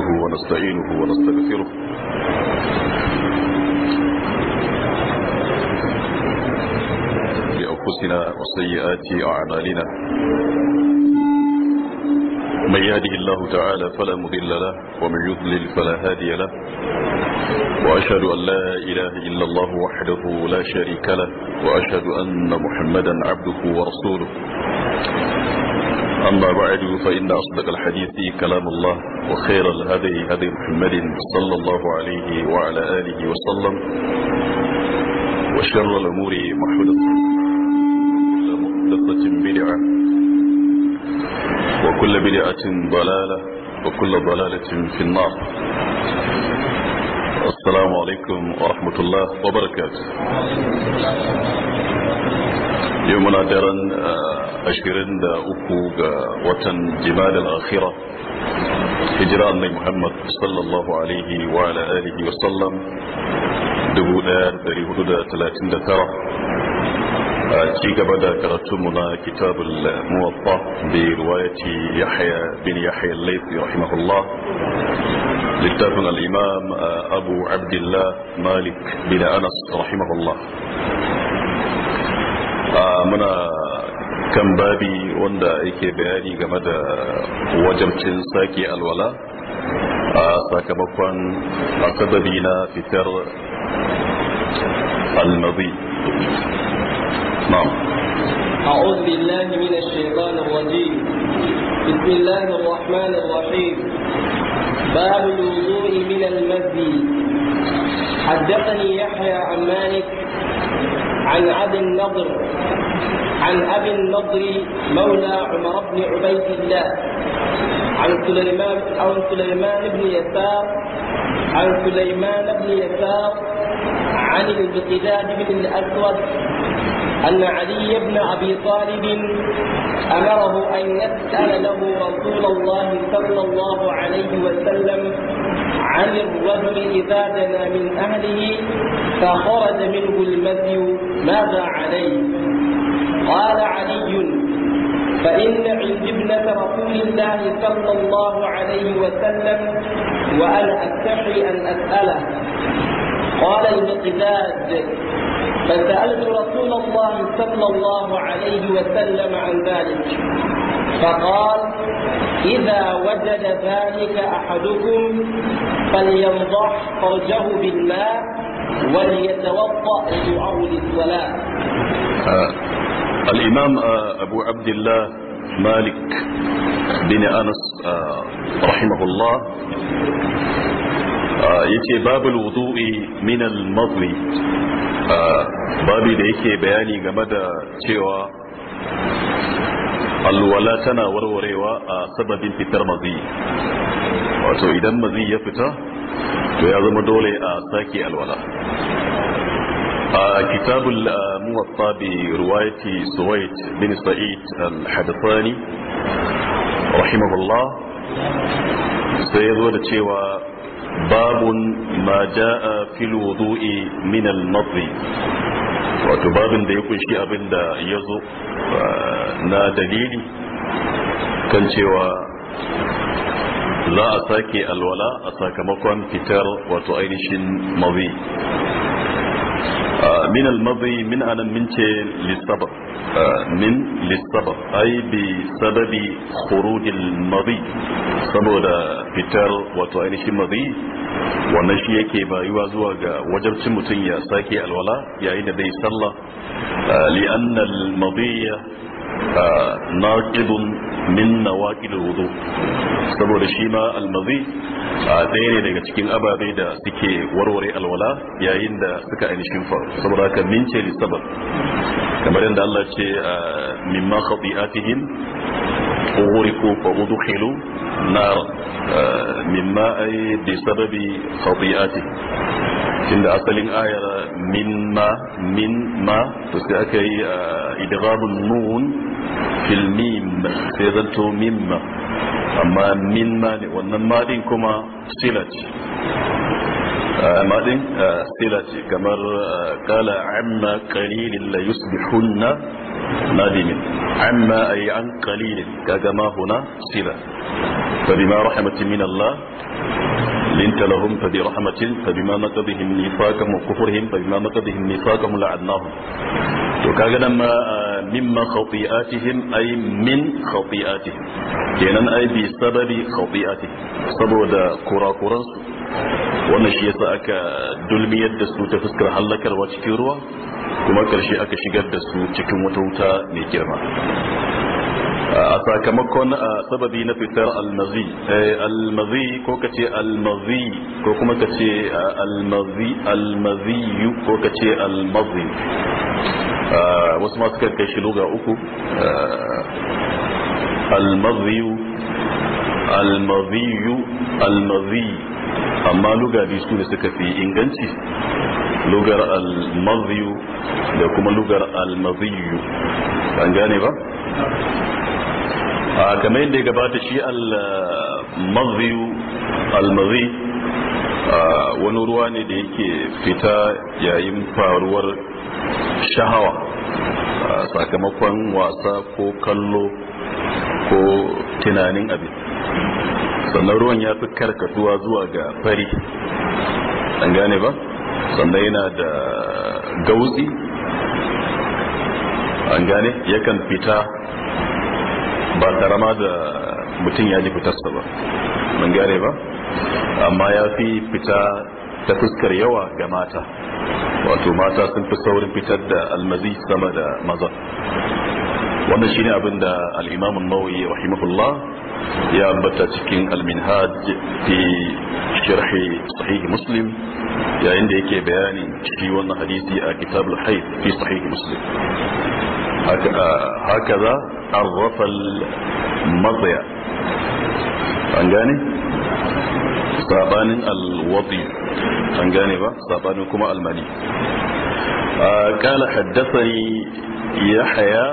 نحمده ونستعينه ونستغفره لأنفسنا وسيئات أعمالنا من يهده الله تعالى فلا مضل له ومن يضلل فلا هادي له وأشهد أن لا إله إلا الله وحده لا شريك له وأشهد أن محمدا عبده ورسوله أما بعد فإن أصدق الحديث كلام الله وخير الهدي هدي محمد صلى الله عليه وعلى آله وسلم وشر الأمور محدثة بدعة وكل بدعة ضلالة وكل ضلالة في النار السلام عليكم ورحمة الله وبركاته يومنا درن آه، أشيرين دا أكو وطن جبال الآخرة هجراء النبي محمد صلى الله عليه وعلى آله وسلم دبو دار داري حدود دا ترى أشيك آه، بدا كرتمنا كتاب الموطة برواية يحيى بن يحيى الليث رحمه الله لتابنا الإمام آه، أبو عبد الله مالك بن أنس رحمه الله آه kan babi wanda yake bayani game da wajabcin sake alwala a sakamakon sababi na fitar almazi na'am أعوذ بالله من الشيطان الرجيم بسم الله الرحمن الرحيم باب الوضوء من المذي حدثني يحيى عن مالك عن عبد النضر عن أبي النضر مولى عمر بن عبيد الله عن سليمان عن سليمان بن يسار عن سليمان بن يسار عن البقداد بن الأسود أن علي بن أبي طالب أمره أن يسأل له رسول الله صلى الله عليه وسلم عن الرجل إذا دنا من أهله فخرج منه المذي ماذا عليه قال علي فإن عند ابنة رسول الله صلى الله عليه وسلم وأنا أستحي أن أسأله قال المقداد فسألت رسول الله صلى الله عليه وسلم عن ذلك فقال إذا وجد ذلك أحدكم فليمضح فرجه بالماء وليتوضأ لدعاء الصلاة آه. الإمام أبو عبد الله مالك بن أنس رحمه الله yace babul wudu'i min al-madhi babi da yake bayani game da cewa alwala tana warwarewa sabbin fitar mazi wato idan mazi ya fita to ya zama dole a sake alwala a kitabul الموطا Suwaid bin بن سعيد الحدثاني رحمه الله سيدو تشيوى باب ما جاء في الوضوء من المضي وتباب da ya kunshi abin da ya zo na dalili kan cewa za a sake alwala a sakamakon fitar wato ainihin mazi من المضي من أنا من للسبب من للسبب أي بسبب خروج المضي سبب فتر وتعينش المضي wannan shi yake bayuwa zuwa ga cin mutum ya sake alwala yayin da bai sallah li'annal madiya naqidun min nawaqid wudu saboda shi ma almazi ɗaya ne daga cikin ababe da suke warware alwala yayin da suka ainihin faru saboda haka min ce li sabab kamar yadda Allah ce mimma khati'atihim udkhilu nar mimma ay bi sababi khati'atihim tunda asalin ayar. min ma min ma to sai aka yi idghabun nun fil mim sai zanto mimma amma min ma ne ma din kuma sila ma din sila kamar kala amma qalilin la yusbihunna nadimin amma ay sila لنت لهم فبرحمة فبما نقضهم نفاقهم وكفرهم فبما نقضهم نفاقهم لعناهم وكاغا لما مما خطيئاتهم أي من خطيئاتهم كينان أي بسبب خطيئاتهم سبب كورا كورا wannan shi yasa aka dulmiyar da su ta fuskar hallakarwa cikin ruwa kuma karshe aka shigar da su cikin wata wuta mai girma a sakamakon sababi na fitar almazi eh, almazi ko ka ce almazi ko kuma ka ce almazi almaziyu ko ka ce almazi wasu masu kan kai shi luga uku almaziyu almaziyu almazi amma luga biyu su ne suka fi inganci lugar almaziyu da kuma lugar almaziyu an gane ba a kamar yadda ya gabata shi al mazi wani ruwa ne da yake fita yayin faruwar shahawa sakamakon wasa ko kallo ko tunanin abu sannan ruwan ya fi karkatuwa zuwa ga fari an gane ba sannan yana da gautsi an gane yakan fita ba karama da mutum ya ji fitarsa ba mun gare ba amma ya fi fita ta fuskar yawa ga mata wato mata sun fi saurin fitar da almazi sama da maza wannan shine abin da al-imam an-nawawi rahimahullah ya ambata cikin al-minhaj fi sharh sahih muslim yayin da yake bayani shi wannan hadisi a kitab al-hayd fi sahih muslim hakaza arrafa al-madya an gane sabanin al-wadi an gane ba kuma قال حدثني يحيى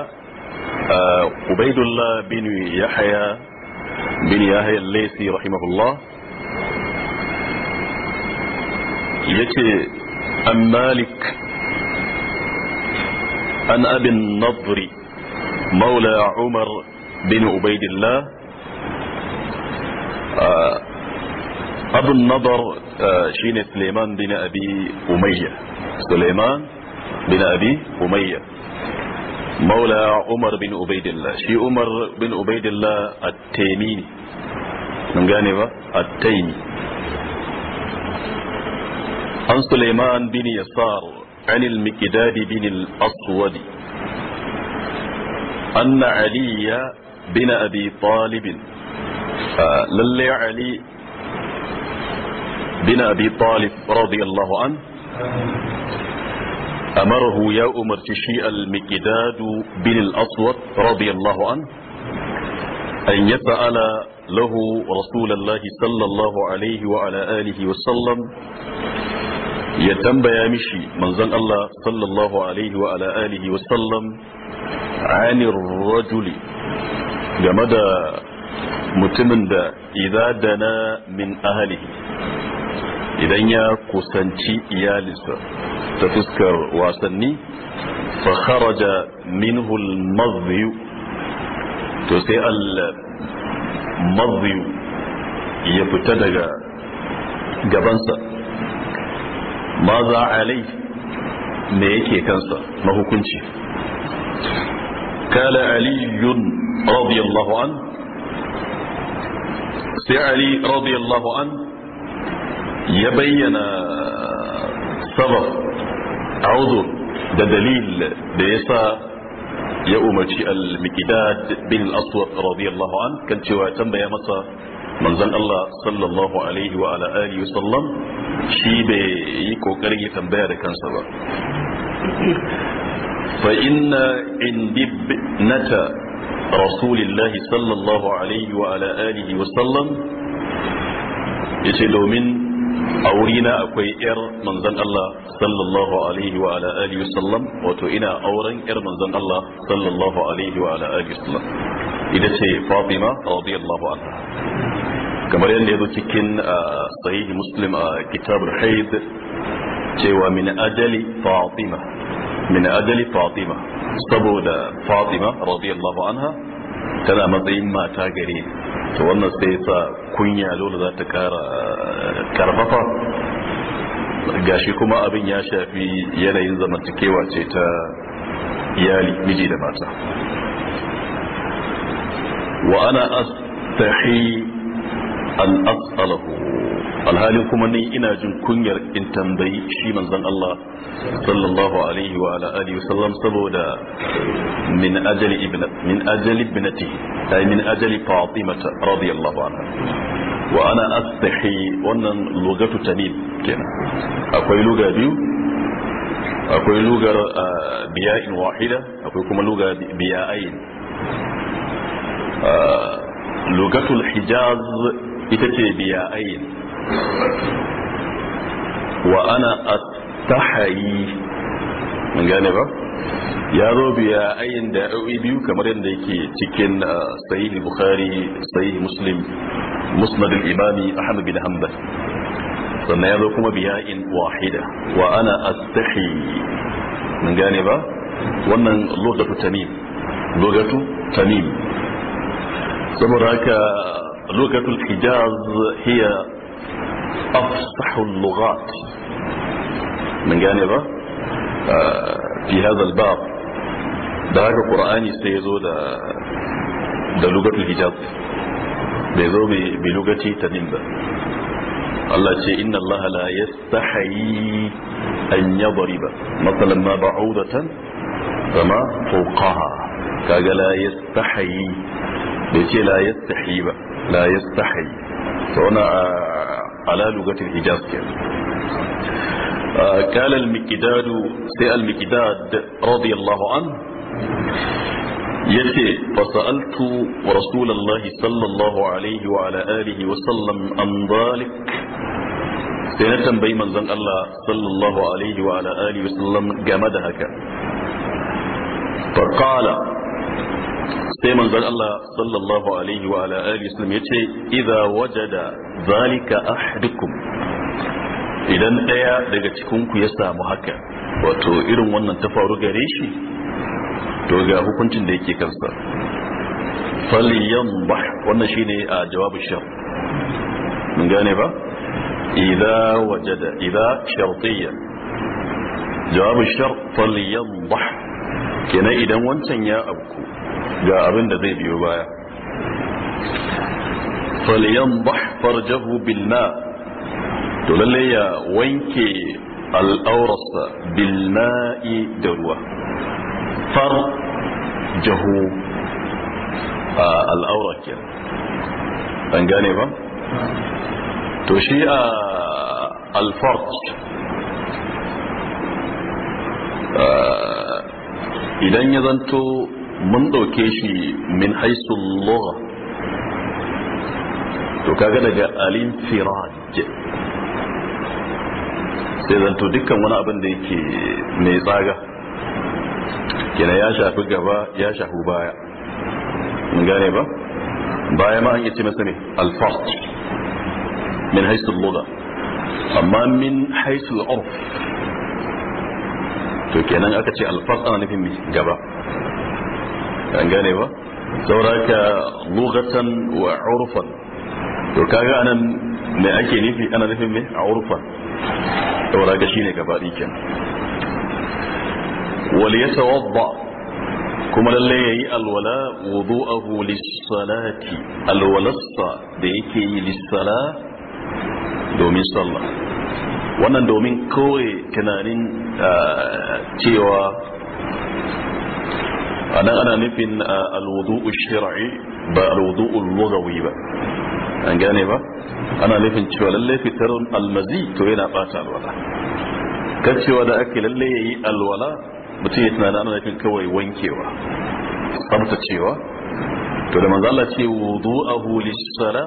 عبيد الله بن يحيى بن يحيى الليثي رحمه الله يتي عن مالك عن أبي النضر مولى عمر بن عبيد الله آه، أبو النضر آه، شين سليمان بن أبي أمية سليمان بن أبي أمية مولى عمر بن عبيد الله شي عمر بن عبيد الله التيميني من جانبه التيمي عن سليمان بن يسار عن المكداد بن الأسود أن علي بن أبي طالب آه، للي علي بن أبي طالب رضي الله عنه أمره يا أمر تشيء المكداد بن الأسود رضي الله عنه أن يسأل له رسول الله صلى الله عليه وعلى آله وسلم ya tambaya mishi manzon Allah sallallahu alaihi wa ala alihi wa sallam anir rajuli game da mutumin da idza dana min ahlihi idan ya kusanci iyalinsa ta fuskar wasanni fa kharaja minhu al-madhi to sai al-madhi ya fita daga gabansa ma za alai me yake kansa na hukunci kala aliyun radiyallahu an sai ali radiyallahu an ya bayyana sabab a da dalil da ya sa ya umarci al mikidad bin al-aswad radiyallahu an kan cewa tambaya masa manzan Allah sallallahu alaihi wa ala alihi sallam shi bai yi kokarin ya tambaya da kansa ba fa inna indi nata rasulillahi sallallahu alaihi wa ala alihi wa sallam ce domin a wurina akwai yar manzan Allah sallallahu alaihi wa ala alihi wa sallam wato ina auren yar manzan Allah sallallahu alaihi wa ala alihi wa sallam ita ce Fatima radiyallahu anha kamar yadda yazo cikin sahihi muslim a kitabul haid cewa min ajali fatima min ajali fatima saboda fatima radiyallahu anha tana matsayin mata gare to wannan sai sa kunya dole za ta kara karfafa gashi kuma abin ya shafi yanayin zamantakewa ce ta iyali miji da mata wa ana astahi an as'alahu alhalin kuma ni ina jin kunyar in tambayi shi manzon Allah sallallahu alaihi wa ala alihi wasallam saboda min ajali ibn min ajali ibnati ay min ajali fatimata radiyallahu anha wa ana astahi wannan lugatu tamim kenan akwai luga biyu akwai lugar ah, biya'in wahida akwai kuma lugar biya'ain ah, lugatul hijaz ita ce biya ayin wa ana astahayi mun gane ba ya zo biya ayin da awi biyu kamar yadda yake cikin uh, sahih bukhari sahih muslim musnad al-imami ahmad bin hanbal sannan ya zo kuma biya'in wahida wa ana a mun gane ba wannan lugatu tamim lugatu tamim saboda haka لغة الحجاز هي أفصح اللغات من جانبه آه، في هذا الباب ده هذا القرآن يستيزو ده, ده لغة الحجاز بيزو بلغة تدنب الله شيء إن الله لا يستحي أن يضرب مثلا ما بعوضة فما فوقها كاجا لا يستحي بيشي لا يستحي بقى la yastahi to wannan ala lugatil hijaz kenan قال المقداد سي المقداد رضي الله عنه يتي فسألت رسول الله صلى الله عليه وعلى آله وسلم عن ذلك سنتم بي من زن الله صلى الله عليه وعلى آله وسلم جمد هكا فقال sai manzon Allah sallallahu alaihi wa ala alihi wasallam yace idza wajada zalika ahadukum idan daya daga cikin ku ya samu haka wato irin wannan ta faru gare shi to ga hukuncin da yake kansa falyambah wannan shine a jawabin shar mun gane ba idza wajada idza shartiyya jawabin shar falyambah kenan idan wancan ya abku ga abin da zai biyo baya falyanbah farjahu bilna to lalle ya wanke al'aurarsa bilna'i da ruwa farjahu al'aura ke an gane ba to shi a alfarj idan ya zanto mun dauke shi min haisun lura to kaga daga alin firaj sai zanto dukkan wani abin da yake mai tsaga kina ya shafi gaba ya shafi baya mun gane ba baya ma an yi ce masa ne alfart min haisu lura amma min haisu urf to kenan aka ce alfart ana nufin gaba an gane ba sauraka lugatan wa urfan to kaga anan me ake nufi ana nufin me a urfan sauraka shine gaba dikin wal yatawadda kuma lalle yayi alwala wudu'ahu lis-salati alwalassa da yake yi lis-sala domin sallah wannan domin kawai tunanin ah, cewa anan ana nufin alwudu'u shar'i ba alwudu'u lugawi ba an gane ba ana nufin cewa lalle fitar almazi to yana bata alwala kan cewa da ake lalle yayi alwala mutum ya tunana ana nufin kawai wankewa tsabtacewa to da manzo Allah ce wudu'ahu lis-sala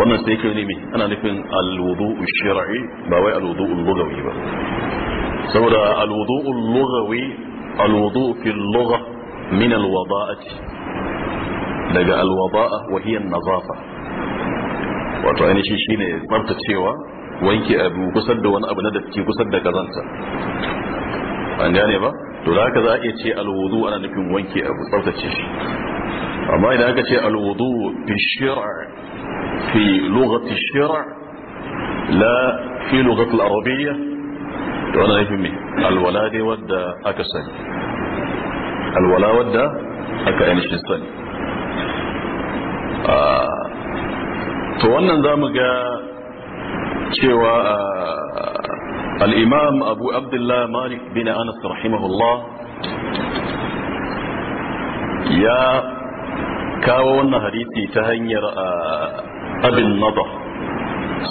wannan sai yake ne me ana nufin alwudu'u shar'i ba wai alwudu'u lugawi ba saboda alwudu'u lugawi alwudu fi lugha min alwada'ati daga alwada'a wa hiya nazafa wato ainihi shi shine tsaftacewa wanke abu kusan da wani abu na dafki kusan da kazanta an gane ba to da haka za a iya ce alwudu ana nufin wanke abu tsaftace shi amma idan aka ce alwudu fi shir'a fi lughati shir'a la fi lughati al-arabiyya to ana nufin me alwala dai wadda aka sani alwala wadda aka ainihin sani to wannan za mu ga cewa al'imam abu abdullah malik bin anas rahimahullah ya kawo wannan hadisi ta hanyar abin nada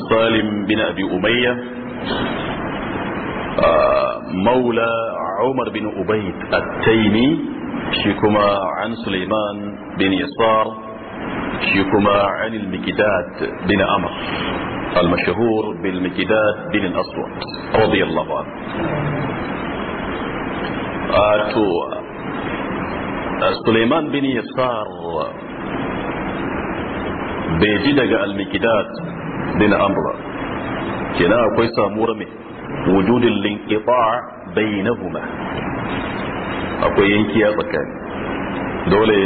salim bin abi umayya maula عمر بن أبيد التيمي شيكما عن سليمان بن يسار شيكما عن المكداد بن أمر المشهور بالمكداد بن الأسود رضي الله عنه آتوا سليمان بن يسار بيجدق المكداد بن أمر كنا قيسا مرمي وجود الانقطاع bainahuma akwai yankiya tsakani dole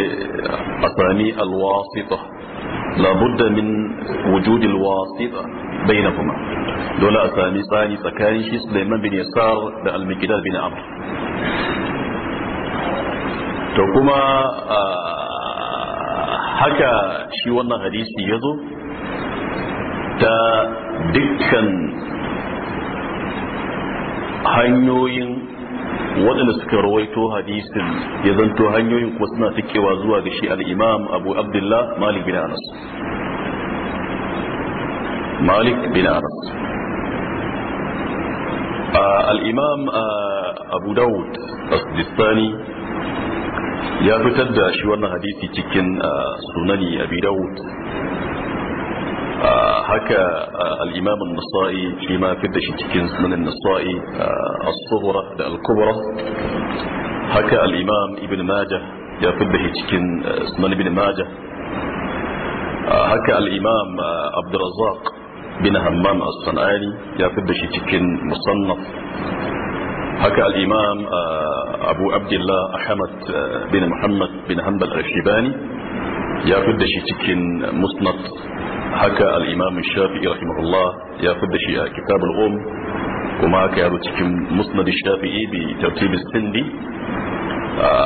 a sami alwasita labudda min wujudil wasita bainahuma dole a sami tsani tsakanin shi Sulaiman bin Yasar da Al-Miqdad bin Amr to kuma haka shi wannan hadisi yazo ta dukkan hanyoyin waɗanda suka rawaito hadisin ya zanto hanyoyin kuma suna tikewa zuwa ga shi al'imam abu abdullah malik bin anas malik bin anas al'imam abu dawud asdistani ya fitar da shi wannan hadisi cikin sunani abu daud هكا آه، الإمام النصائي فيما كدش تكنز من النصائي آه، الصغرى الكبرى هكا الإمام ابن ماجه يا كدش تكنز من ابن ماجه آه، هكا الإمام عبد الرزاق بن همام الصنعاني يا كدش تكن مصنف هكا الإمام أبو عبد الله أحمد بن محمد بن حنبل الشيباني يا كدش تكن مصنف حكى الإمام الشافعي رحمه الله يأخذ الشيء كتاب الأم وما كانوا تكم مسند الشافعي بترتيب السندي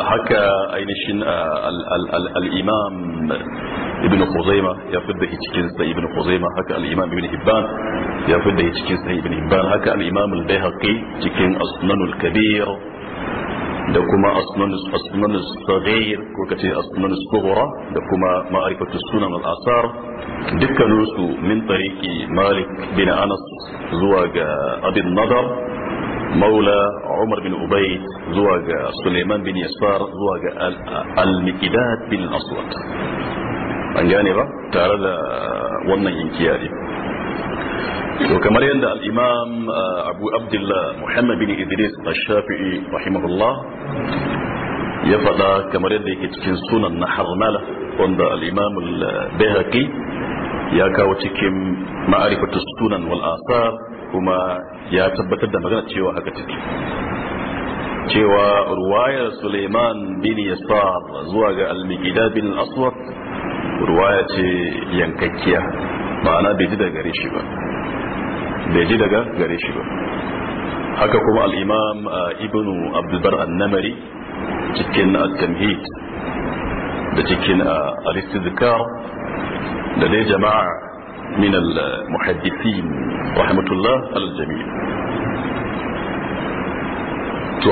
حكى أين شن الإمام ابن خزيمة يأخذ به تكين ابن خزيمة حكى الإمام ابن هبان يأخذ به تكين ابن حبان حكى الإمام البيهقي تكين أصنان الكبير da kuma asnan asnan sagir ko kace asnan sughura da kuma dukkaninsu min tariki malik bin anas zuwa ga abin nadar maula umar bin ubaid zuwa ga suleiman bin yasfar zuwa ga al-mikidat bin aswad an gane ba tare da wannan yankiya ne to kamar yadda al-imam abu abdullah muhammad bin idris al-shafi'i rahimahullah ya faɗa kamar yadda yake cikin sunan na harmala wanda al-imam al-bayhaqi ya kawo cikin ma'arifatu sunan wal asar kuma ya tabbatar da magana cewa haka take cewa ruwayar Suleiman bin Yasar zuwa ga Al-Miqdad bin Aswad ruwaya ce yankakkiya ma'ana bai ji daga gare shi ba bai ji daga gare shi ba haka kuma al-Imam uh, Ibn Abdul Bar an-Namari cikin at-Tamhid da cikin uh, al-Istidkar لدي جماعة من المحدثين رحمة الله على الجميع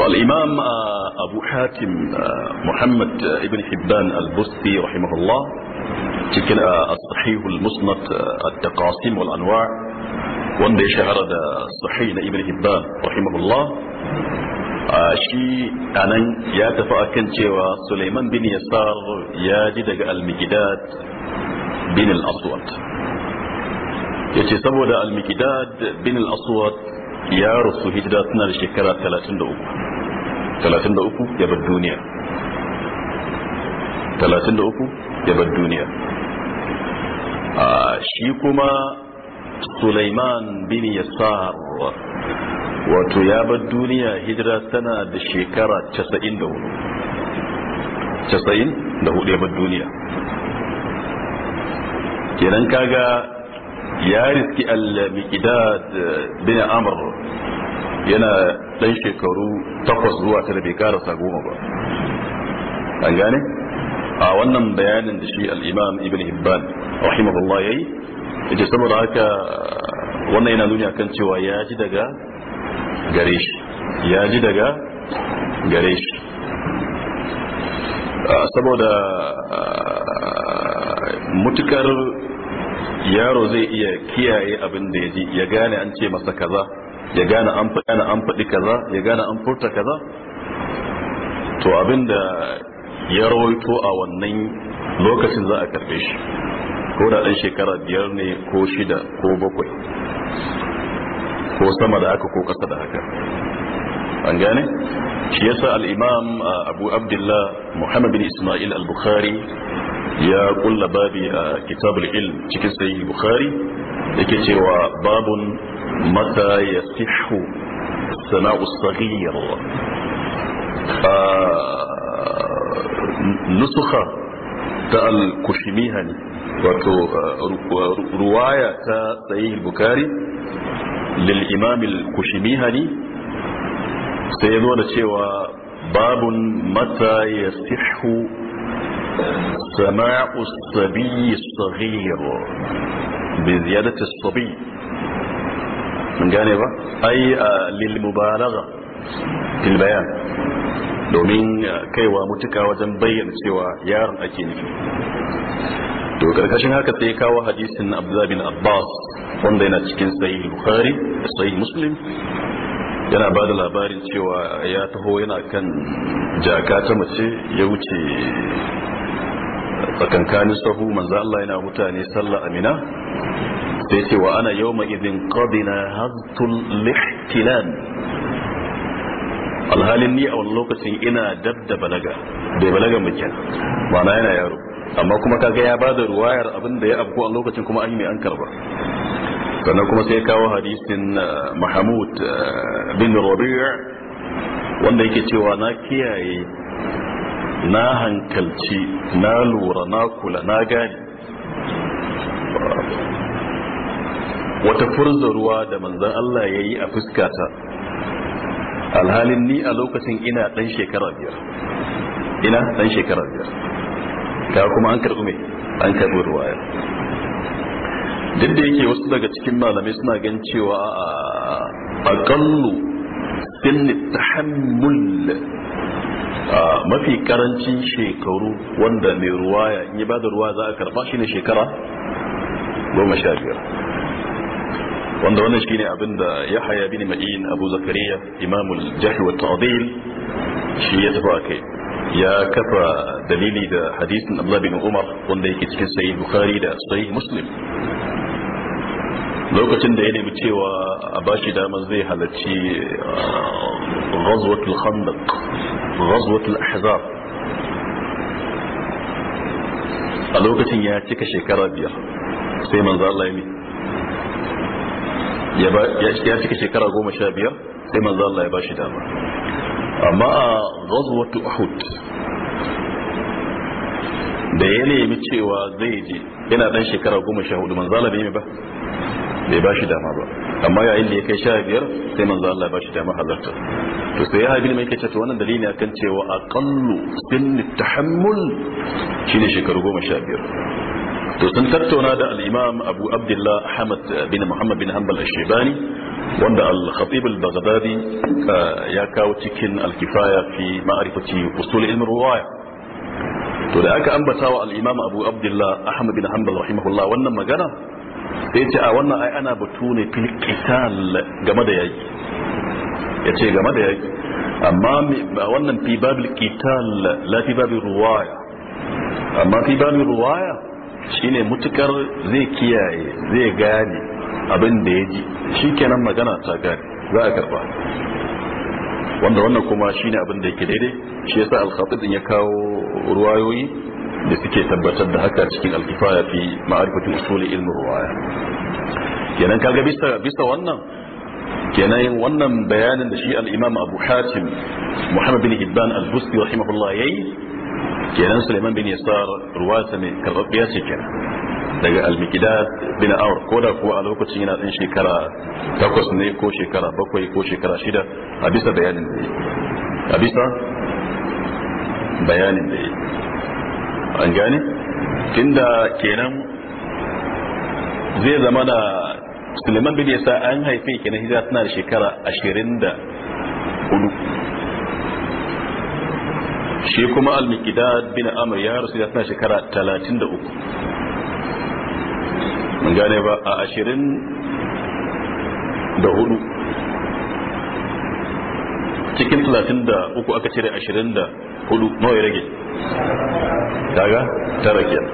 الإمام آه، أبو حاتم آه، محمد آه، ابن حبان البستي رحمه الله تكن الصحيح المسند التقاسيم والأنواع وندي شهر الصحيح لابن حبان رحمه الله شيء أنا يا تفاكنتي وسليمان بن يسار يا جدك المجدات bin al ya yace saboda al-miqdad bin al ya rasu hijira suna da shekara 33 33 ya bar duniya 33 ya bar duniya shi kuma Sulaiman bin Yasar wato ya bar duniya hijira tana da shekara 94 94 ya bar duniya kenan kaga ya riski al-miqdad eh, bin amr yana dan shekaru takwas zuwa tara bai karasa goma ba an gane a wannan bayanin da shi al-imam ibn hibban rahimahullah yayi yace saboda haka eh, wannan yana nuni akan cewa ya ji daga gare shi ya ji daga gare shi eh, saboda mutukar yaro zai iya kiyaye abin da ya ji ya gane an ce masa kaza ya gane an faɗi an faɗi kaza ya gane an furta kaza to abin da ya rawaito a wannan lokacin za a karbe shi ko da ɗan shekara biyar ne ko shida ko bakwai ko sama da haka ko ƙasa da haka an gane shi yasa al-imam uh, abu abdullah muhammad bin isma'il al-bukhari ya kulla babi a kitabul ilm cikin sayi bukhari yake cewa babun mata ya sihu sana'u saghir a nusukha ta al-kushimihani wato ruwaya ta sayi bukhari lil imam al-kushimihani sai ya zo cewa babun mata ya sihu سماع الصبي الصغير بزيادة الصبي من جانب أي للمبالغة في البيان domin kaiwa mutuka wajen bayyana cewa yaron ake nufi to karkashin haka sai kawo hadisin abdullahi bin abbas wanda yana cikin sahih bukhari da sahih muslim yana ba da labarin cewa ya taho yana kan jaka ta mace ya wuce tsakankanin sahu manzo Allah yana mutane sallah amina sai ce wa ana yawma idin qadina haztul lihtilan alhalin ni a wani lokacin ina dab da balaga bai balaga mu kenan ma'ana yana yaro amma kuma kaga ya bada ruwayar abin da ya afko a lokacin kuma a yi mai an karba sannan kuma sai kawo hadisin uh, Mahmud uh, bin Rabi' wanda yake cewa na kiyaye na hankalci na lura na kula na gane wata furza ruwa da manzan Allah ya yi a fuskata alhalin ni a lokacin ina ɗan shekara biyar ina ɗan shekara biyar ka kuma an karɓi mai an karɓi ruwa ya? duk da yake wasu daga cikin malamai suna gan cewa a ƙallu sinni tahammul mafi karancin shekaru wanda mai ruwaya in yi ba da ruwa za a karba shine shekara goma sha biyar wanda wannan shine abin da ya haya bin ma'in abu zakariya imamul jahi wa ta'dil shi ya tafi a kai ya kafa dalili da hadisin abdullah bin umar wanda yake cikin sahih bukhari da sahih muslim lokacin da ya nemi cewa a bashi damar zai halarci razwatul uh, khandaq ghazwatul ahzab a lokacin ya cika shekara biyar sai manzo Allah ya ya cika shekara goma sha biyar sai manzo Allah ya bashi amma a ghazwatu da ya nemi cewa zai je yana dan shekara goma sha hudu manzo bai yi ba bai ba shi dama ba amma yayin da ya kai sha biyar sai manzo Allah ba shi dama halarta to sai ya habi mai kace to wannan dalili akan cewa aqallu sinni tahammul shine shekaru goma sha biyar to sun tattauna da al-imam Abu Abdullah Ahmad bin Muhammad bin Hanbal al-Shaybani wanda al-Khatib al-Baghdadi eh, ya kawo cikin al-kifaya fi ma'rifati usul ilm riwaya to da aka ambata wa al-imam Abu Abdullah Ahmad bin Hanbal rahimahullah wannan magana da ya ce a wannan ai ana batu ne filkital game da yaki ce game da yaki amma wannan fi babil kital la fi babil ruwaya amma fi babil ruwaya shine mutukar zai kiyaye zai gane abin da ya ji shi kenan magana ta gane za a karba wanda wannan kuma shine abin da yake daidai shi yasa al-khatib ya kawo ruwayoyi da suke tabbatar da haka cikin alkifaya fi ma'arifatul usuli ilmi ruwaya kenan kaga bisa bisa wannan kenan yin wannan bayanin da shi al-imam Abu Hatim Muhammad bin Hibban al-Busti rahimahullah yayi kenan Sulaiman bin Yasar ruwata ne karbabiya ce kenan daga al-Miqdad bin Awr ko da kuwa a lokacin yana din shekara takwas ne ko shekara bakwai ko shekara shida a bisa bayanin da a bisa bayanin da an gane tunda kenan zai zama da suleiman bin yasa an haife kenan hijira tana da shekara ashirin da hudu shi kuma almikida bin amur ya rasu tana shekara talatin da uku mun gane ba a ashirin da hudu cikin talatin da uku aka cire ashirin da hudu nawa ya rage kaga tara kiyar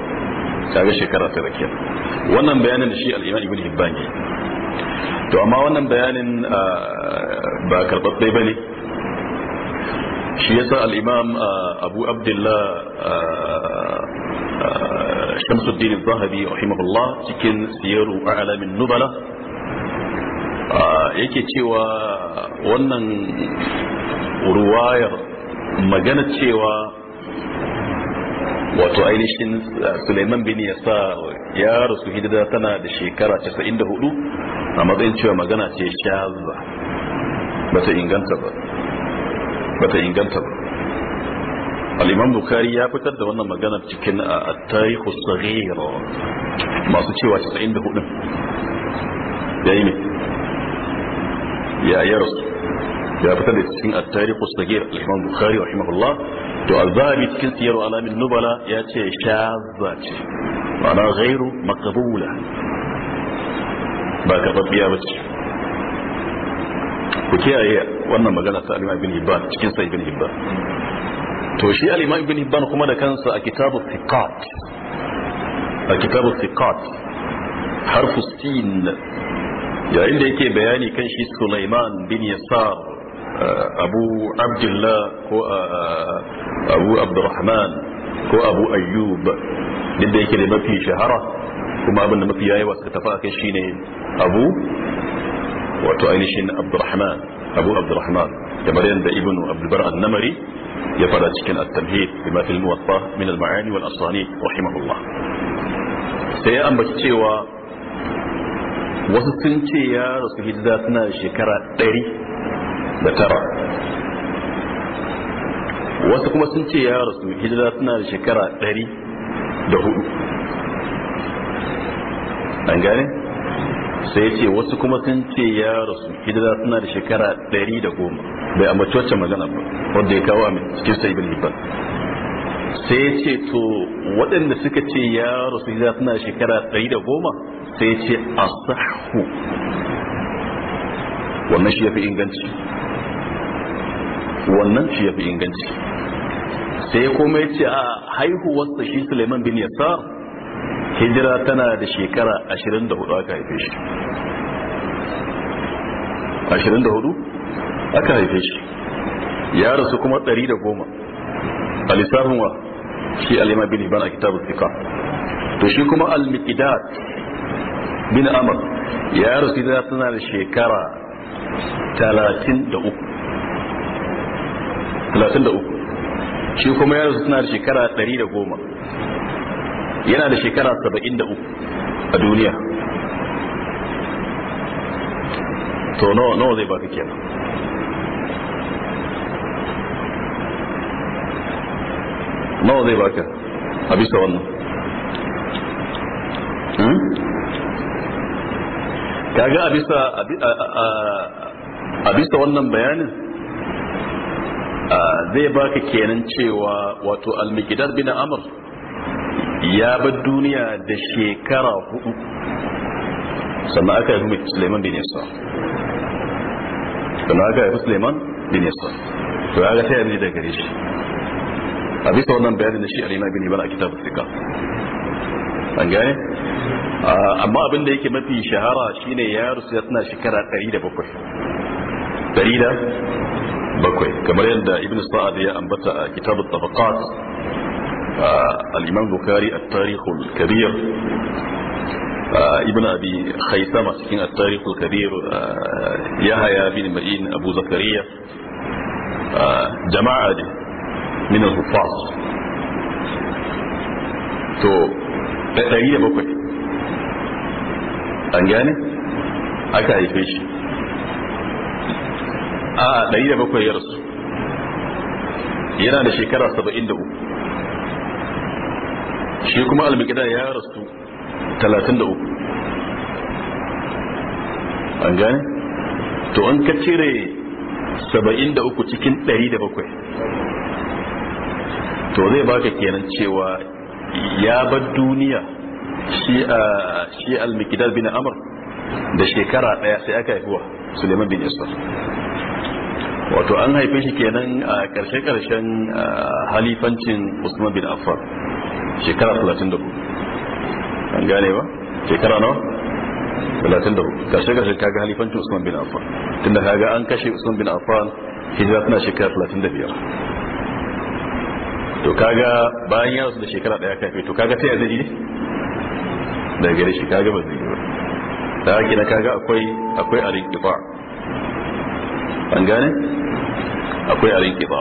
kaga shekara tara kiyar wannan bayanin da shi al Ibn Hibban ne to amma wannan bayanin ah, ba karbabbe ba ne shi yasa al'imam ah, Abu Abdullah ah, Shamsuddin zahabi zahabi rahimahullah cikin siyaru a a'lamin nubala yake cewa wannan ruwayar magana cewa wato ainihin uh, suleiman bin sa ya rasu hidda tana da shekara 94 a matsayin cewa magana ce shaza bata inganta ba bata inganta ba al bukari ya fitar da wannan magana cikin uh, a tarikh as masu cewa 94 yi ne ya yi rasu ya fitar da cikin at-tariqus sagir al-imam bukhari rahimahullah to al-zahabi cikin siyaru alamin nubala ya ce shazza ce ma'ana ghairu maqbula ba gababbiya ba ce ku kiyaye wannan magana ta al-imam ibn hibban cikin sa ibn hibban to shi al-imam ibn hibban kuma da kansa a kitabu thiqat a kitabu thiqat harfu sin yayin da yake bayani kan shi Sulaiman bin Yasar ابو عبد الله هو آه، آه، ابو عبد الرحمن هو ابو ايوب لدي كلمة في شهرة وما ابن لما في ايوة ابو وتعيني شين عبد الرحمن ابو عبد الرحمن تمرين دا ابن عبد البراء النمري يفعل سكن التمهيد بما في الموطة من المعاني والأصاني رحمه الله سيا أم بكتشيوا وسطنتي يا رسول الله شكرا تيري da tara wasu kuma sun ce ya rasu hijira suna da shekara ɗari da hudu an gane sai ce wasu kuma sun ce ya rasu hijira suna da shekara ɗari da goma bai ambaci wacce magana ba wadda ya kawo a cikin sai bin liban sai ce to waɗanda suka ce ya rasu hijira suna da shekara ɗari da goma sai ce ce asahu wannan shi ya fi inganci wannan shi fi inganci sai kuma ya ce a haihuwarsa shi suleiman bin yasar hijira tana da shekara 24 aka haife shi 24 aka haife shi ya rasu kuma 110 a lissafin wa shi alima bin hibban a kitabun fika to shi kuma al-miqidat bin amr ya rasu tana da shekara 33 33 shi kuma ya suna da shekara 110 yana da shekara 73 a duniya to nawa zai baka kenan nawa zai baka a bisa wannan hmm? kaga a bisa a bisa wannan bayanin zai baka kenan cewa wato almikidar bin amr ya ba duniya da shekara hudu sannan aka yi suleiman bin yasa sannan aka yi suleiman bin yasa to ya ga tayar ne da gare shi a bisa wannan bayanin da shi alima bin ibana a kitabu fika an gane amma abin da yake mafi shahara shine ya rusu ya tana shekara 107 bakwai kamar yadda ibn sa'ad ya ambata a kitab at-tabaqat al-imam bukhari at-tarikh al-kabir ibn abi khaisama cikin at-tarikh al-kabir yahya bin ma'in abu zakariya jama'a ne min al-huffaz to da ɗari da bakwai an gane aka haife shi a 107 ya rasu yana da shekara 73 shi kuma almikida ya rasu 33 an gane to an ka cire 73 cikin 107 to zai baka kenan cewa ya bar duniya shi al-mikidar bin amur da shekara daya sai aka haifuwa suleiman bin isra wato an haife shi kenan a karshe-karshen halifancin usman bin affan shekara 34 an gane ba shekara nawa 34 karshe-karshen kaga halifancin usman bin affan tunda kaga an kashe usman bin affan hijira tana shekara 35 to kaga bayan ya wasu da shekara daya kafe to kaga sai ya zai ne daga gare shi kaga ba zai yi ba da haka kaga akwai akwai a an gane akwai a rinki ba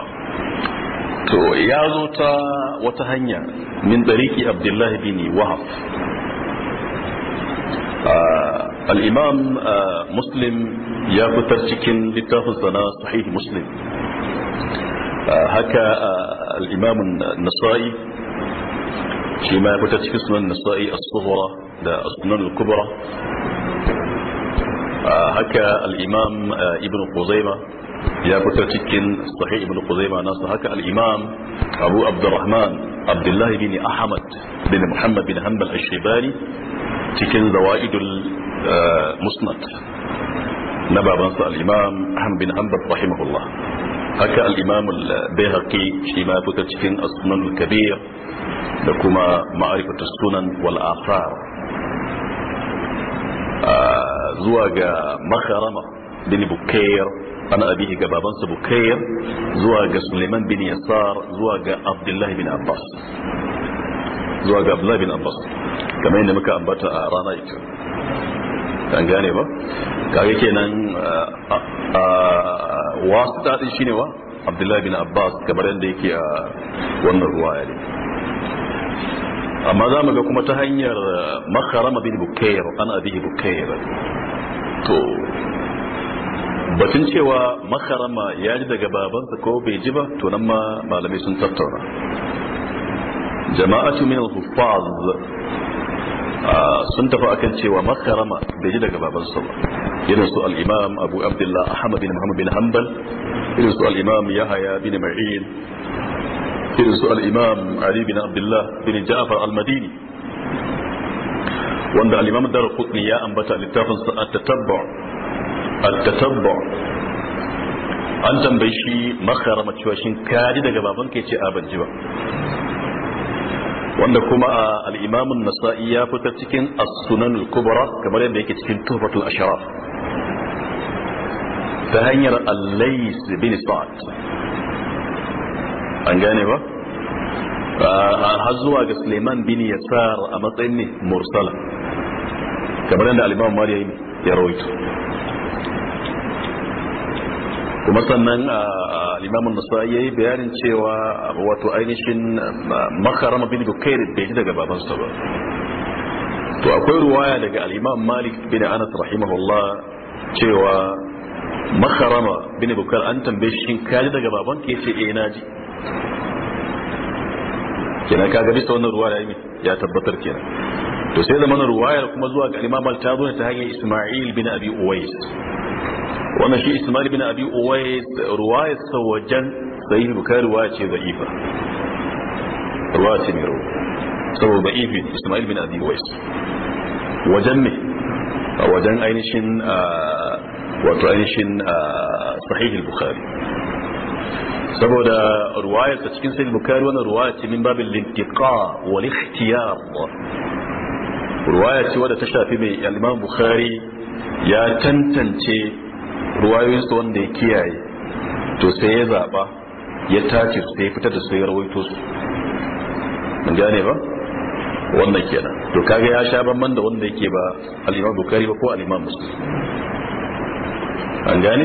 to ya zo ta wata hanya min dariki abdullahi bin wahab al-imam muslim ya fitar cikin littafinsa sana sahih muslim haka al al'imam nasa'i shi ma ya fitar cikin sunan nasa'i as-sughra da sunan al-kubra haka al'imam ibn Khuzaima ya fitar cikin sahih ibn Khuzaima nasu haka al'imam abu abdurrahman abdullahi bin ahmad bin muhammad bin hanbal al ashebani cikin zawa'idul musnad na babansa al'imam ahmad bin hanbal rahimahullah haka al'imam al al-bahaki shi ma fitar cikin asunan kabir da kuma ma'arifatu sunan wal zuwa ga makarama bin bukair ana abihi ga babansa bukair zuwa ga suleiman bin yasar zuwa ga abdullahi bin abbas zuwa ga abdullahi bin abbas kamar yadda muka ambata a rana ita an gane ba kage kenan wasu daɗin shi ne wa abdullahi bin abbas kamar yadda yake a wannan ruwa ne amma za mu ga kuma ta hanyar makarama bin bukair ana abihi bukair to batun cewa makarama ya ji daga babansa ko bai ji ba to nan ma malamai sun tattauna jama'atu min al-huffaz sun tafi akan cewa makarama bai ji daga babansa ba irin su al-imam abu abdullah ahmad bin muhammad bin hanbal irin su al-imam yahaya bin ma'in irin su al-imam ali bin abdullah bin ja'far al-madini wanda al-imam dar qutni ya ambata littafin sa at-tatabbu at-tatabbu an tambayi shi makara cewa shin kaji daga baban ka a ban ji ba wanda kuma al-imam an-nasa'i ya fita cikin as-sunan al-kubra kamar yadda yake cikin tuhfatul ashraf ta hanyar al-lays bin sa'd an gane ba har zuwa ga Suleiman bin Yasar a matsayin ne mursala kamar yadda al-Imam Malik ya rawaito kuma sannan al-Imam An-Nasa'i yayi bayanin cewa wato ainihin makarama bin Bukair bai ji daga babansa ba to akwai ruwaya daga al-Imam Malik bin Anas rahimahullah cewa makarama bin Bukair an tambaye shi kaji daga ke yace eh naji kenan ka gari ta wannan ruwaya ya tabbatar kenan to sai zamanin ruwayar kuma zuwa ga imam ta zo ta hanyar isma'il bin abi uwais wannan shi isma'il bin abi uwais ruwaya sa wajen sahih bukhari ruwaya ce da'ifa ruwaya ce mai rawa saboda da'ifi isma'il bin abi uwais wajen ne wajen ainihin wato ainihin sahih bukhari saboda ruwayar ta cikin sai bukari wannan ruwaya ce min babin lintiqa wal ikhtiyar ruwaya ce wadda ta shafi mai al-imam bukhari ya tantance ruwayoyinsa wanda ya kiyaye to sai ya zaba ya tace su sai fitar da su ya rawaito su mun gane ba wannan kenan to kaga ya sha banban da wanda yake ba al-imam bukhari ba ko al-imam muslim an gane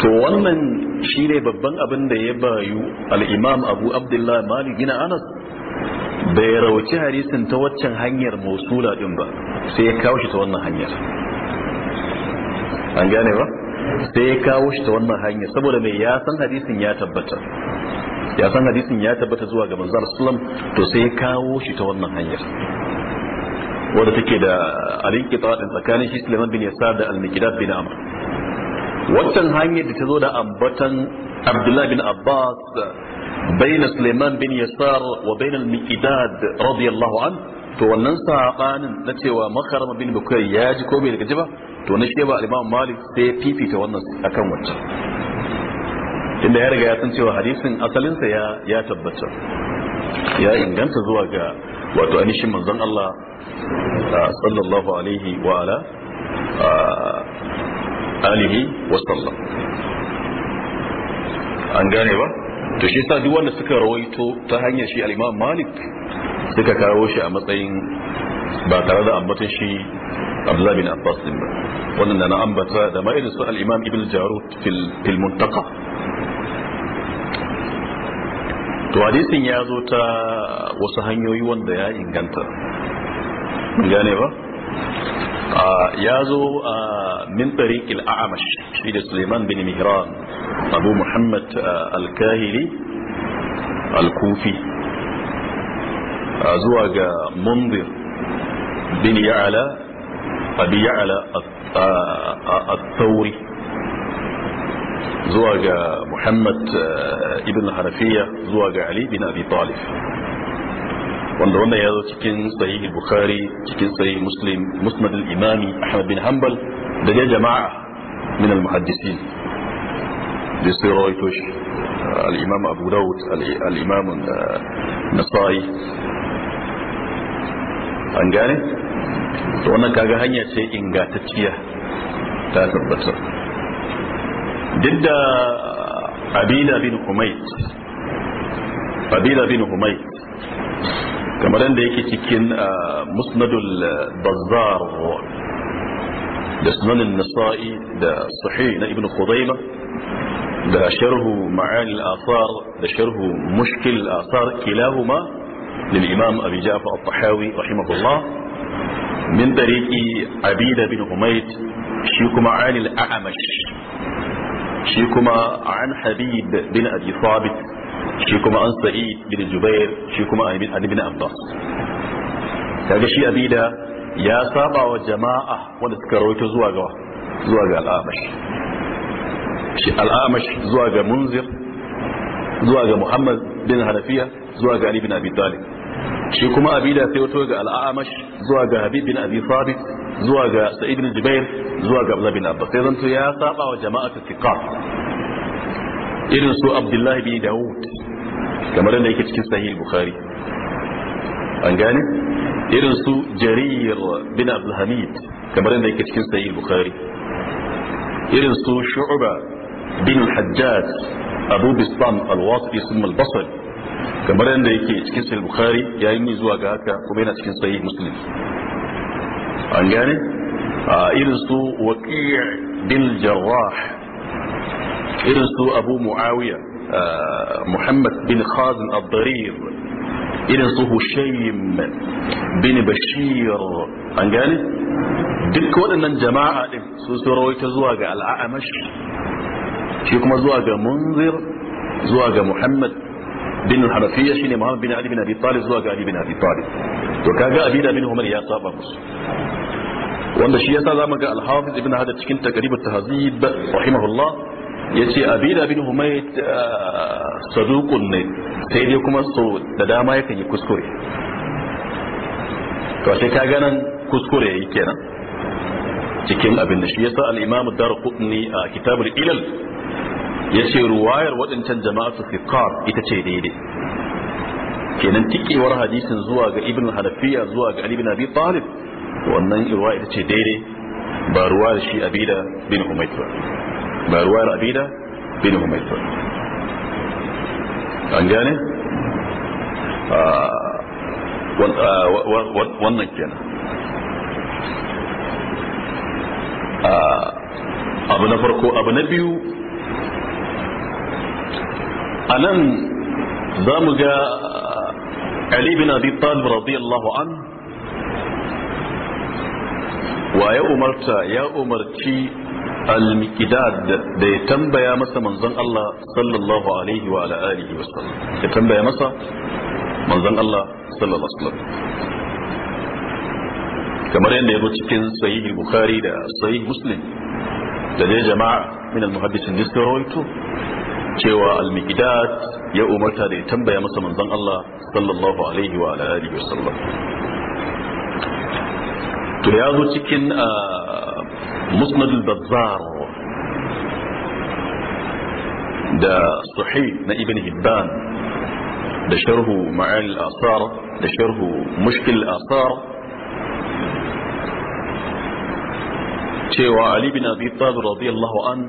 to wannan shi ne babban abin da ya bayu al'imam abu abdullahi malik gina anas bai rauci harisun ta waccan hanyar mausula din ba sai ya kawo shi ta wannan hanyar an gane ba sai ya kawo shi ta wannan hanyar saboda mai ya san hadisin ya tabbata ya san ya tabbata zuwa ga manzar sulam to sai ya kawo shi ta wannan hanyar wadda take da alinkita tsakanin shi suleiman bin Yasa da al bin amur Watan hanyar da ta zo da ambatan abdullahi bin abbas baina suleiman bin yasar wa baina al-miqdad radiyallahu an to wannan sabanin na cewa makarama bin bukar ya ji ko bai daga ba to na sheba al-imam malik sai fifita wannan akan wancan inda ya riga ya san cewa hadisin asalinsa ya ya tabbata ya inganta zuwa ga wato ainihin manzon Allah sallallahu alaihi wa ala alihi an duk wanda suka rawaito ta hanyar shi Malik suka kawo a matsayin ba tare da ambatan to hadisin ya zo ta wasu hanyoyi wanda ya inganta gane ba ya zo min tariqil a'amash shi da Suleiman bin Mihran Abu Muhammad al-Kahili al-Kufi zuwa ga Mundir bin Ya'la Abi Ya'la al-Thawri zuwa ga Muhammad ibn Hanafiya zuwa ga Ali bin Abi Talib wanda wannan ya zo cikin sahih bukhari cikin sahih muslim musnad al-imami ahmad bin hanbal da dai jama'a min al-muhaddisin da sai rawaito shi al-imam abu daud al-imam uh, nasai an gane to wannan kaga hanya ce ingantacciya ta tabbatar duk da abida bin humayt abida bin humayt kamar yadda yake cikin musnadul bazzar da sunanin nasa'i da sahih na ibn khudaima da sharhu ma'ani al-athar da sharhu mushkil al-athar kilahuma lil imam abi ja'far al tahawi rahimahullah min tariqi abida bin humayt shi kuma ani al-a'mash shi kuma an habib bin abi thabit shi kuma an sa'i bin jubair shi kuma an ibn abbas kaga shi abida ya saba wa jama'a wanda suka rawaito zuwa ga zuwa ga al'amash shi al'amash zuwa ga munzir zuwa ga muhammad bin harafiya zuwa ga ali bin abi talib shi kuma abida sai wato ga al'amash zuwa ga habib bin abi sabit zuwa ga sa'id bin jubair zuwa ga abdullah bin abbas sai zanto ya saba wa jama'a tiqat irin su abdullahi bin dawud kamar da yake cikin sahih bukhari an gane irin su jarir bin abdul hamid kamar da yake cikin sahih bukhari irin su shu'ba bin hajjaj abu bistam al-wasiti sun al-basri kamar yadda yake cikin sahih bukhari yayin yi zuwa ga haka kuma yana cikin sahih muslim an gane irin su waqi' bin jarrah irin su abu muawiya آه، محمد بن خازن الضرير الى صه الشيم بن بشير ان قالت دك ولنا جماعة سوسو رويت زواج الاعمش شيكم زواج منذر زواج محمد بن الحنفية شين محمد بن علي بن ابي طالب زواج علي بن ابي طالب وكان ابينا منهم من يصاب وان الشيخ هذا الحافظ ابن هذا تشكين تقريب التهذيب رحمه الله ya ce da bin humait ah, sadukun ne sai dai kuma so da dama yakan yi kuskure to sai ka ganin kuskure yayi kenan cikin abin da shi yasa al-imamu darqutni a kitabul ilal yace ruwayar wadancan jama'atu fiqar ita ce daidai kenan tikewar hadisin zuwa ga ibn hanafiya zuwa ga ali bin abi talib wannan ruwa ita ce daidai ba ruwa da shi abida bin humayt ba مروان ربيده بن هميس انجاني ون ون ون ون ون ون ون ون ون ون ون ون ون ون ون ون ون ون al-miqdad da ya tambaya masa manzon Allah sallallahu alaihi wa ala alihi wa sallam ya tambaya masa manzon Allah sallallahu alaihi wa sallam kamar yadda ya zo cikin sahih bukhari da sahih muslim da dai jama'a min al-muhaddisin nisrawaitu cewa al-miqdad ya umarta da ya tambaya masa manzon Allah sallallahu alaihi wa ala alihi wa sallam to ya zo cikin ah, مسند البزار دا صحيح ن ا ب هبان ده شره معاني الاثار ل شره مشكل الاثار ل شيء وعلي بن ابي طالب رضي الله عنه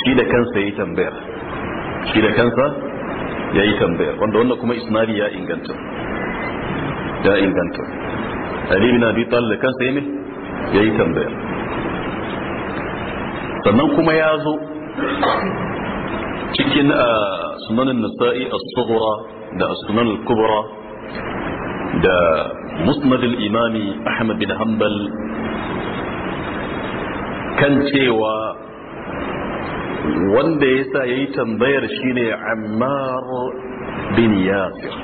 شيء ده كان سيتم بير شيء ده كان سيتم بير وانت ق ل ن يا إ ن يا إ ن علي بن ابي طالب كان سيتم بير sannan kuma ya zo cikin ah, sunanin nasa'i as-sughra da as-sunan al-kubra da musnadin imami ahmad bin hanbal kan cewa wanda ya sa yayi tambayar shine ammar bin yasir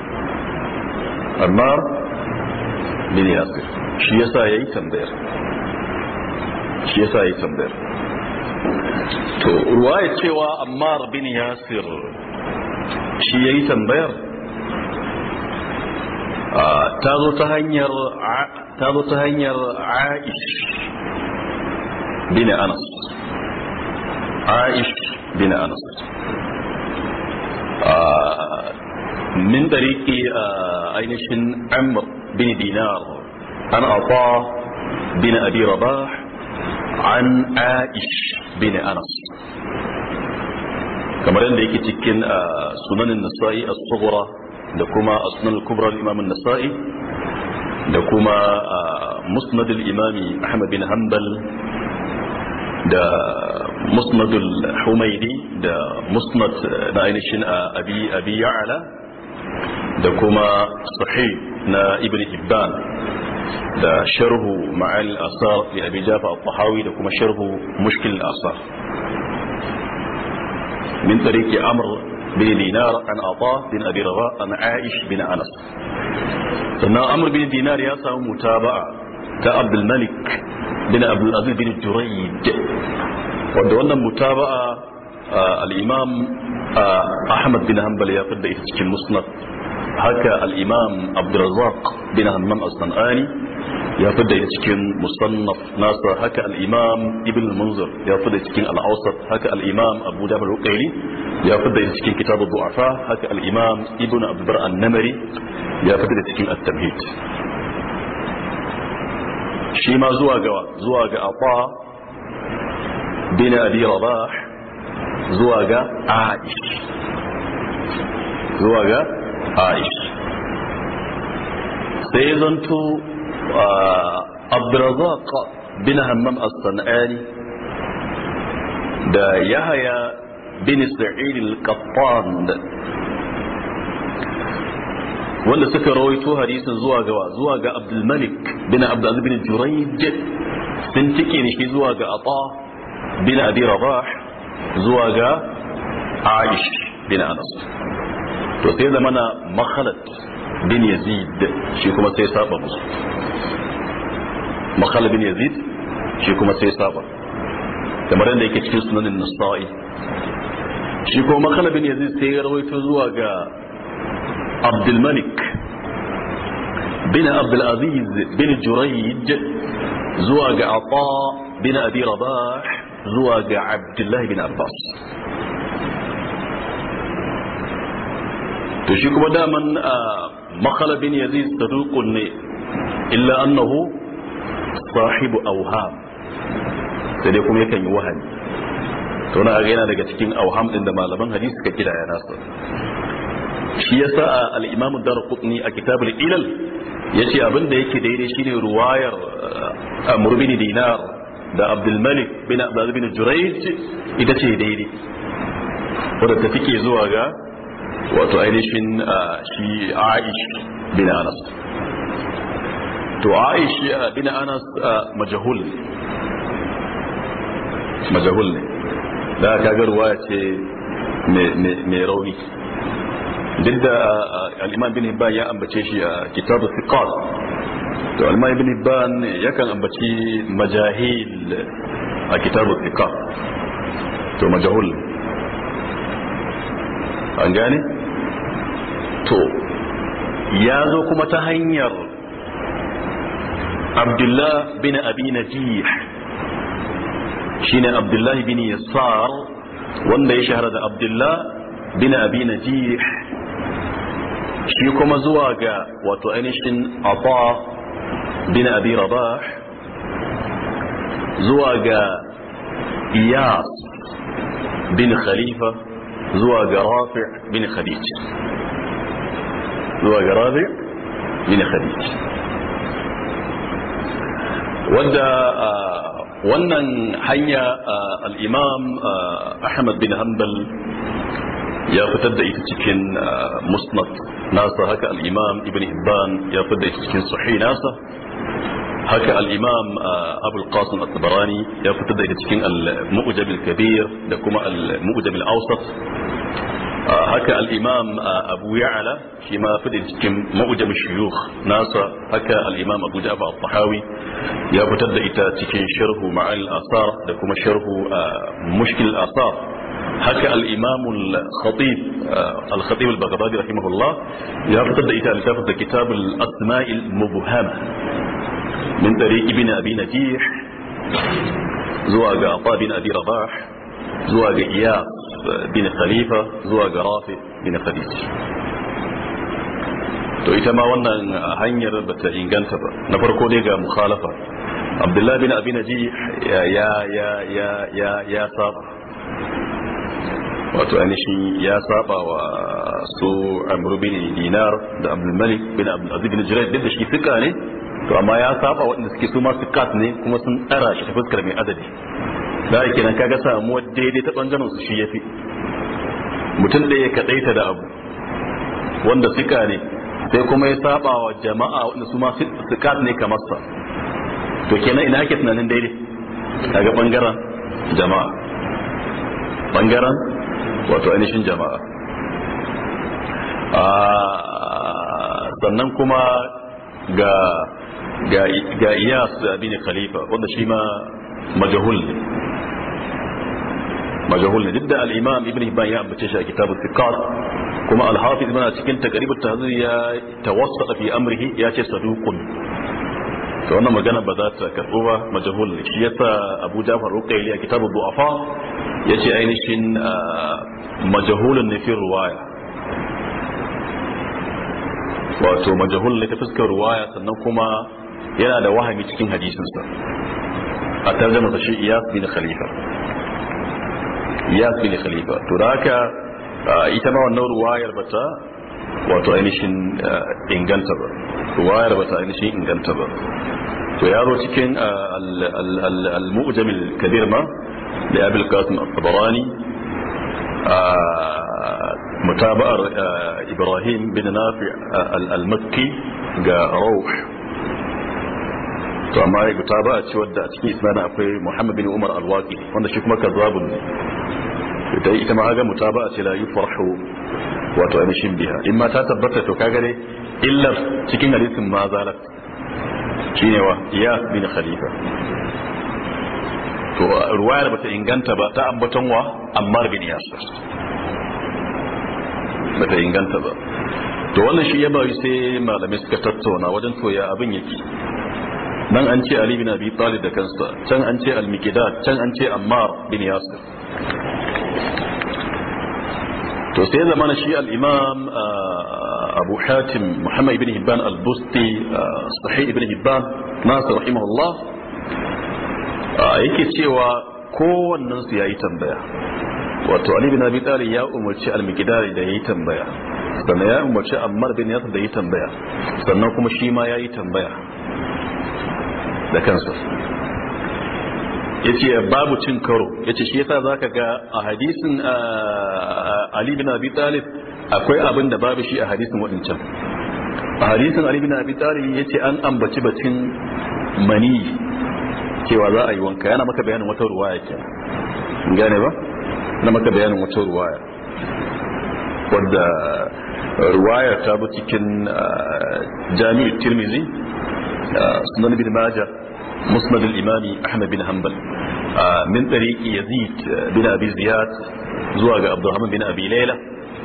ammar bin yasir shi yasa yayi tambayar shi yasa yayi tambayar to ruwaya cewa ammar bin yasir shi yayi tambayar ta zo ta hanyar ta zo ta hanyar aish bin anas aish bin anas من طريق ainihin عمرو بن دينار عن عطاء بن أبي رباح an aish bin anas kamar yadda yake cikin sunanin nasa'i as-sughra da kuma sunan al-kubra al-imam an-nasa'i da kuma musnad al-imam bin hanbal da musnad al da musnad na ainihin da kuma sahih na ibn hibban da sharhu ma'al asar da abi jafa al-tahawi da kuma sharhu mushkil al-asar min tariki amr bin dinar an ata bin abi rawa an aish bin anas sannan amr bin dinar ya samu mutaba'a ta abdul malik bin abdul aziz bin jurayd wanda wannan mutaba'a al-imam ahmad bin hanbal ya fadda ita cikin musnad haka al-imam abdurrazzaq bin hammam as-sanani ya fada ita cikin musannaf nasa haka al-imam ibn munzir ya fada cikin al-awsat haka al-imam abu jabir al-qaili ya fada ita cikin kitab ad-du'afa haka al-imam ibn abdur an-namri ya fada cikin at-tamhid shi ma zuwa ga zuwa ga afa bin abi rabah zuwa ga aish zuwa ga aish sai zanto abdurazak bin hammam as-san'ani da yahaya bin sa'id al-qattan wanda suka rawaito hadisin zuwa ga zuwa ga abdul malik bin abdul bin jurayj sun tike ne zuwa ga ata bin abi rabah zuwa ga aish bin anas to sai zama na makhalat bin yazid shi kuma sai saba musu makhalat bin yazid shi kuma sai saba kamar yadda yake cikin sunanin nasa'i shi kuma makhalat bin yazid sai ya rawaito zuwa ga abdulmalik bin abdulaziz bin jurayj zuwa ga ata bin abi rabah zuwa ga abdullahi bin abbas to shi kuma daman makhala bin yazid saduqun ne illa annahu sahibu awham sai dai kuma yakan yi wahani to na yana daga cikin awham din da malaman hadisi suka kira ya nasu shi yasa al-imam ad-darqutni a kitab al-ilal yace abinda da yake daidai shine ruwayar amr bin dinar da abdul malik bin abdul bin jurayj ita ce daidai wanda ta fike zuwa ga wato ainihin shi aish bin anas to aish bin anas majahul majahul ne da ka kaga ruwaya ce mai rauni duk da al'imam bin hibban ya ambace shi a kitabu thiqat to al'imam bin hibban kan ambaci majahil a kitabu thiqat to majahul an gane to ya zo kuma ta hanyar abdullah bin abi najih shine abdullahi bin yasar wanda ya shahara da abdullah bin abi najih shi kuma zuwa ga wato ainihin ata bin abi rabah zuwa ga iyas bin khalifa زواج رافع بن خديج زواج رافع بن خديج ودى آه، ونن حي آه، الإمام آه، أحمد بن حنبل يا فتد فتبدأ تتكين مصنط ناسا هكا الإمام ابن إبان يا فتد فتبدأ تتكين صحي ناسا هكا الامام آه، ابو القاسم الطبراني يا كتب المؤجم الكبير لكم المؤجم الاوسط آه، هكا الامام آه، ابو يعلى فيما فدت كم مؤجم الشيوخ ناسا هكا الامام ابو جعفر الطحاوي يا كتب تكين شره معالي الاثار لكم شره مشكل الاثار هكا الامام الخطيب الخطيب البغدادي رحمه الله يا كتب كتاب الاسماء المبهمه min tariq ابن abi نجيح zuwa ga ata bin رباح rabah zuwa ga iyas bin khalifa zuwa ga rafi to ita ma wannan hanyar ba ta inganta ba na farko dai ga mukhalafa abdullah bin abi najih ya ya ya ya ya saba wato shi ya saba wa su amru bin dinar da abdul malik bin abdul aziz bin jirayd duk da shi fika ne to amma ya saba waɗanda suke su masu kat ne kuma sun tsara shi ta fuskar mai adadi da yake nan kaga samuwar daidai ta bangaren su shi yafi mutum ɗaya kaɗaita da abu wanda suka ne sai kuma ya saba wa jama'a wanda su ma suka ne kamar sa to kenan ina ake tunanin daidai kaga bangaren jama'a bangaren wato ainihin jama'a ah, sannan kuma ga ga iyas da abin khalifa wanda shi ma majahul ne majahul ne duk da al-imam ibn hibban ya ambace shi a kitabu sikat kuma al-hafiz mana cikin taqrib at-tahzir ya tawassata fi amrihi ya ce saduqun to wannan magana ba za ta karbo ba majahul ne shi yasa abu jafar ruqayli a kitabu du'afa ce ainihin majahulun ne fi riwaya wato majahul ne ta fuskar ruwaya sannan kuma yana da wahami cikin hadisinsa a tarjama ta shi iyas bin khalifa iyas bin khalifa to da haka ita ma wannan ruwayar bata wato ainihin inganta ba ruwayar bata ainihin inganta ba to ya zo cikin al-mu'jamil kabir ma da abul qasim al tabarani mutaba'ar إبراهيم بن نافع المكي makki روح to amma ya guta ba a ci wadda a cikin isnadin akwai muhammad bin umar alwaki wanda shi kuma kazzabun ne ita ita ma ga muta ba a ce la yufarhu wato anishin biha in ma ta tabbata to kaga dai illar cikin hadisin ma zalat shine wa ya bin khalifa to ruwayar bata inganta ba ta ambaton wa ammar bin yasir bata inganta ba to wannan shi ya bari sai malamai suka tattauna wajen to ya abin yake nan an ce ali bin abi talib da kansa can an ce al-miqdad can an ce ammar bin yasir to sai zamana shi al-imam ah, abu hatim muhammad ibn hibban al-busti ah, sahih ibn hibban nasa rahimahullah ah, yake cewa kowannen su yayi tambaya wato ali bin abi talib ya umarci al-miqdad da yayi tambaya sannan ya umarci ammar bin yasir da yayi tambaya sannan kuma shi ma yayi tambaya da kansa yace babu cin karo yace shi yasa zaka ga a hadisin Ali bin Abi Talib akwai abin da babu shi a hadisin wadancan a hadisin Ali bin Abi Talib yace an ambaci bacin mani cewa za a yi wanka yana maka bayanin wata ruwaya ke gane ba na maka bayanin wata ruwaya wadda ruwaya ta bi cikin jami'ar tirmizi sunan bin maja musnad al-imami ahmad bin hanbal ah, min tariqi yazid ah, bin abi ziyad zuwa ga abdurrahman bin abi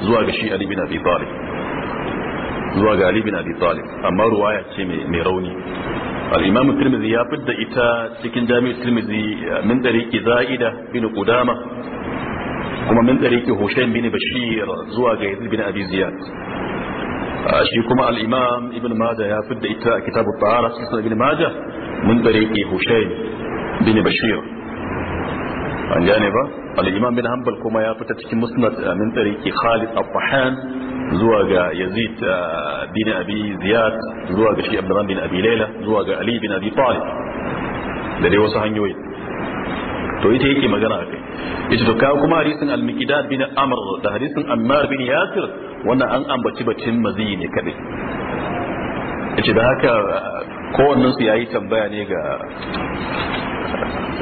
zuwa ga ali bin abi zuwa ga ali bin abi talib amma ruwaya ce mai rauni al imamin tirmidhi ya da ita cikin jami'ul tirmidhi ah, min tariqi zaida bin qudama kuma min tariqi hushayn bin bashir zuwa ga yazid bin abi shi kuma al ibn majah ya fidda ita a kitabu tahara cikin sunan ibn majah mun tariki hushayn bin bashir an gane ba Al'imam imam bin hanbal kuma ya fita cikin musnad min tariki khalid al-fahan zuwa ga yazid bin abi ziyad zuwa ga shi abdurrahman bin abi layla zuwa ga ali bin abi talib da dai wasu hanyoyi to ita yake magana a kai ita to kawo kuma hadisin al-miqdad bin amr da hadisin ammar bin yasir wannan an ambaci bacin mazini ne kadai yace da haka kowannen su yayi tambaya ne ga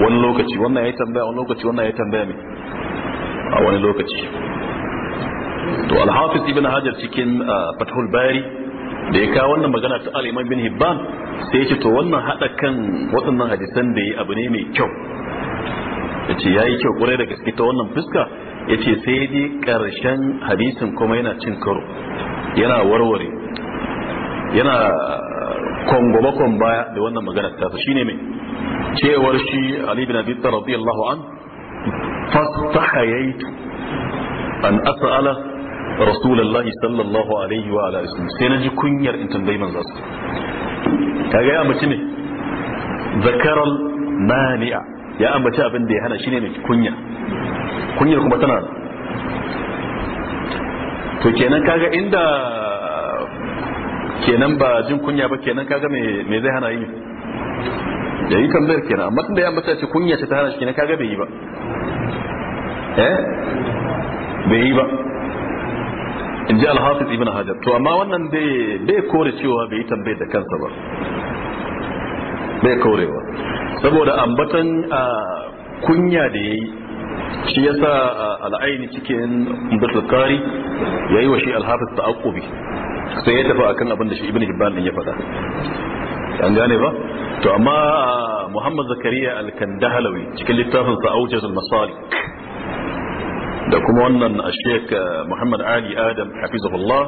wani lokaci wannan yayi tambaya wani lokaci wannan yayi tambaya ne a wani lokaci to al-hafiz ibn hajar cikin ah, fathul bari da ya kawo wannan magana ta al-imam bin hibban sai ya ce to wannan hada kan waɗannan hadisan da yi abu ne mai kyau ya ce ya yi kyau kurai da gaske ta wannan fuska ya ce sai dai karshen hadisin kuma yana cin karo yana warware yana kwangwabakon baya da wannan magana ta shi ne mai cewar shi ali bin abi radiyallahu an fastahayaitu an as'ala rasulullahi sallallahu alaihi wa ala islam sai na ji kunyar in tambayi manzo kaga ya mace ne zakaral mani'a ya ambaci abin da ya hana shine mai kunya kunyar kuma tana to kenan kaga inda kenan ba jin kunya ba kenan kaga me zai hana yi da yi kan zai kenan amma da ya ambaci ce kunya ce ta hana shi kenan kaga bai yi ba eh bai yi ba in ji alhafiz ibn hajar to amma wannan bai kore cewa bai yi tambayar da kansa ba bai korewa saboda ambatan kunya da ya yi shi ya sa al'aini cikin bulkari ya yi wa shi alhafis ta akubi sai ya tafi akan abin da shi ibn hibban din ya faɗa an gane ba to amma muhammad zakariya al-kandahalawi cikin littafin sa sun al da kuma wannan ashek muhammad ali adam hafizahullah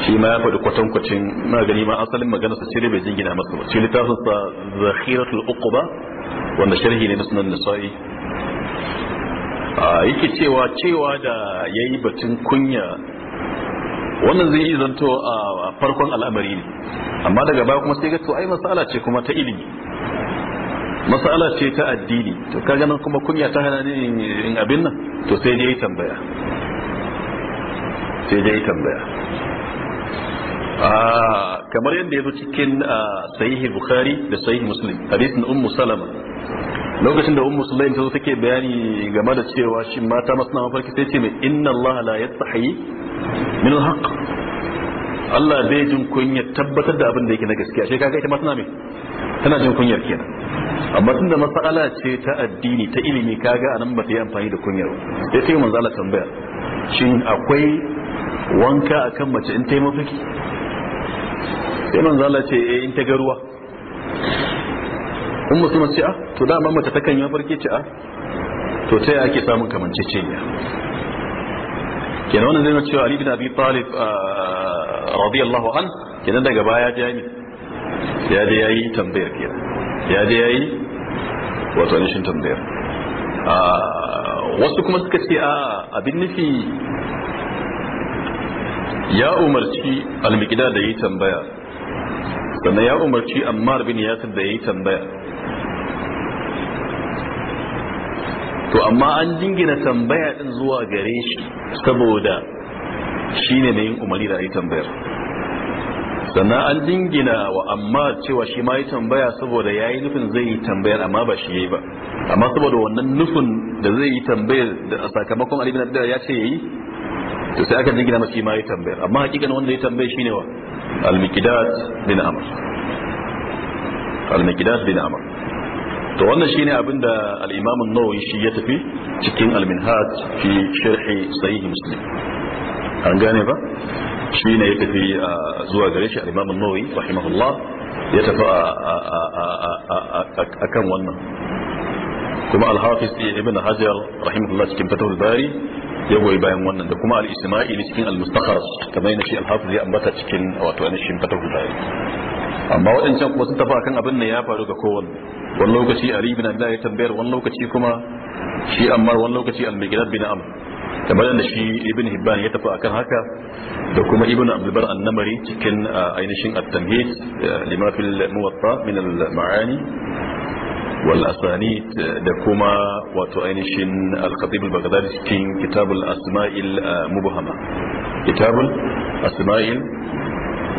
shi ma ya faɗi kwatankwacin na gani ma asalin magana sa cire bai jingina masa ba shi littafin sa zakhiratul uquba wanda sharhi ne na sunan a yake cewa cewa da yayi batun kunya wannan zai yi zanto a farkon al'amari ne amma daga baya kuma sai ga to ai masala ce kuma ta ilimi masala ce ta addini to ka ganin kuma kunya ta hana ne in abin nan to sai dai tambaya sai dai tambaya kamar yadda ya zo cikin sahihi bukhari da sahihi muslim hadisin ummu salama lokacin da ummu sulaim ta zo take bayani game da cewa shi mata masu nama farki sai ce mai inna allah la yastahi min alhaq Allah bai jin kunya tabbatar da abin da yake na gaskiya sai kaga ita ma tana tana jin kunyar kenan amma tunda mas'ala ce ta addini ta ilimi kaga anan ba ta yi amfani da kunyar sai ta yi manzo Allah tambaya shin akwai wanka akan mace in ta yi mafarki sai manzo Allah ce eh in ta ga ruwa in mutum ce ah to da mamata ta kan yi farki ce ah to ta yake samun kamanceceniya kenan wannan zai nuna cewa Ali bin Abi Talib ah, radiyallahu an kenan daga baya ya ji ya je yayi tambayar kenan ya je yayi wato nishin tambayar ah, wasu kuma suka ce a ah, abin nufi ya umarci almigida da yi tambaya sannan ya umarci ammar bin yasir da ya yi tambaya to amma an jingina tambaya din zuwa gare shi saboda shi ne na yin umarni da ya tambayar sannan an jingina wa amma cewa shi ma yi tambaya saboda ya yi nufin zai yi tambayar amma ba shi ya yi ba amma saboda wannan nufin da zai yi tambayar da sakamakon alibin abdullahi ya ce ya yi to sai aka jingina masu ma yi tambayar amma hakikan wanda ya tambaye shi ne wa al-miqdad bin amr al-miqdad bin amr to wannan shine abinda al-imam an-nawawi shi ya tafi cikin al-minhaj fi sharh sahih muslim an gane ba shine ya tafi zuwa gare shi al-imam an-nawawi rahimahullah ya tafi akan wannan kuma al-hafiz ibn hajar rahimahullah cikin fatawul bari ya goyi bayan wannan da kuma al-isma'ili cikin al-mustakhar kamar yana shi al-hafiz ya ambata cikin wato an shin fatahul bari amma waɗancan kuma sun tafi akan abin da ya faru ga kowanne wani lokaci ali bin abdullah ya tambayar wani lokaci kuma shi ammar wani lokaci al-miqdad bin amr kamar da shi ibn hibban ya tafi akan haka da kuma ibn abdulbar annamari cikin ah, ainihin at-tamhid eh, lima fil muwatta min al-ma'ani wal asanid da kuma wato ainihin al-khatib al-baghdadi kitabul asma'il uh, mubhama kitabul asma'il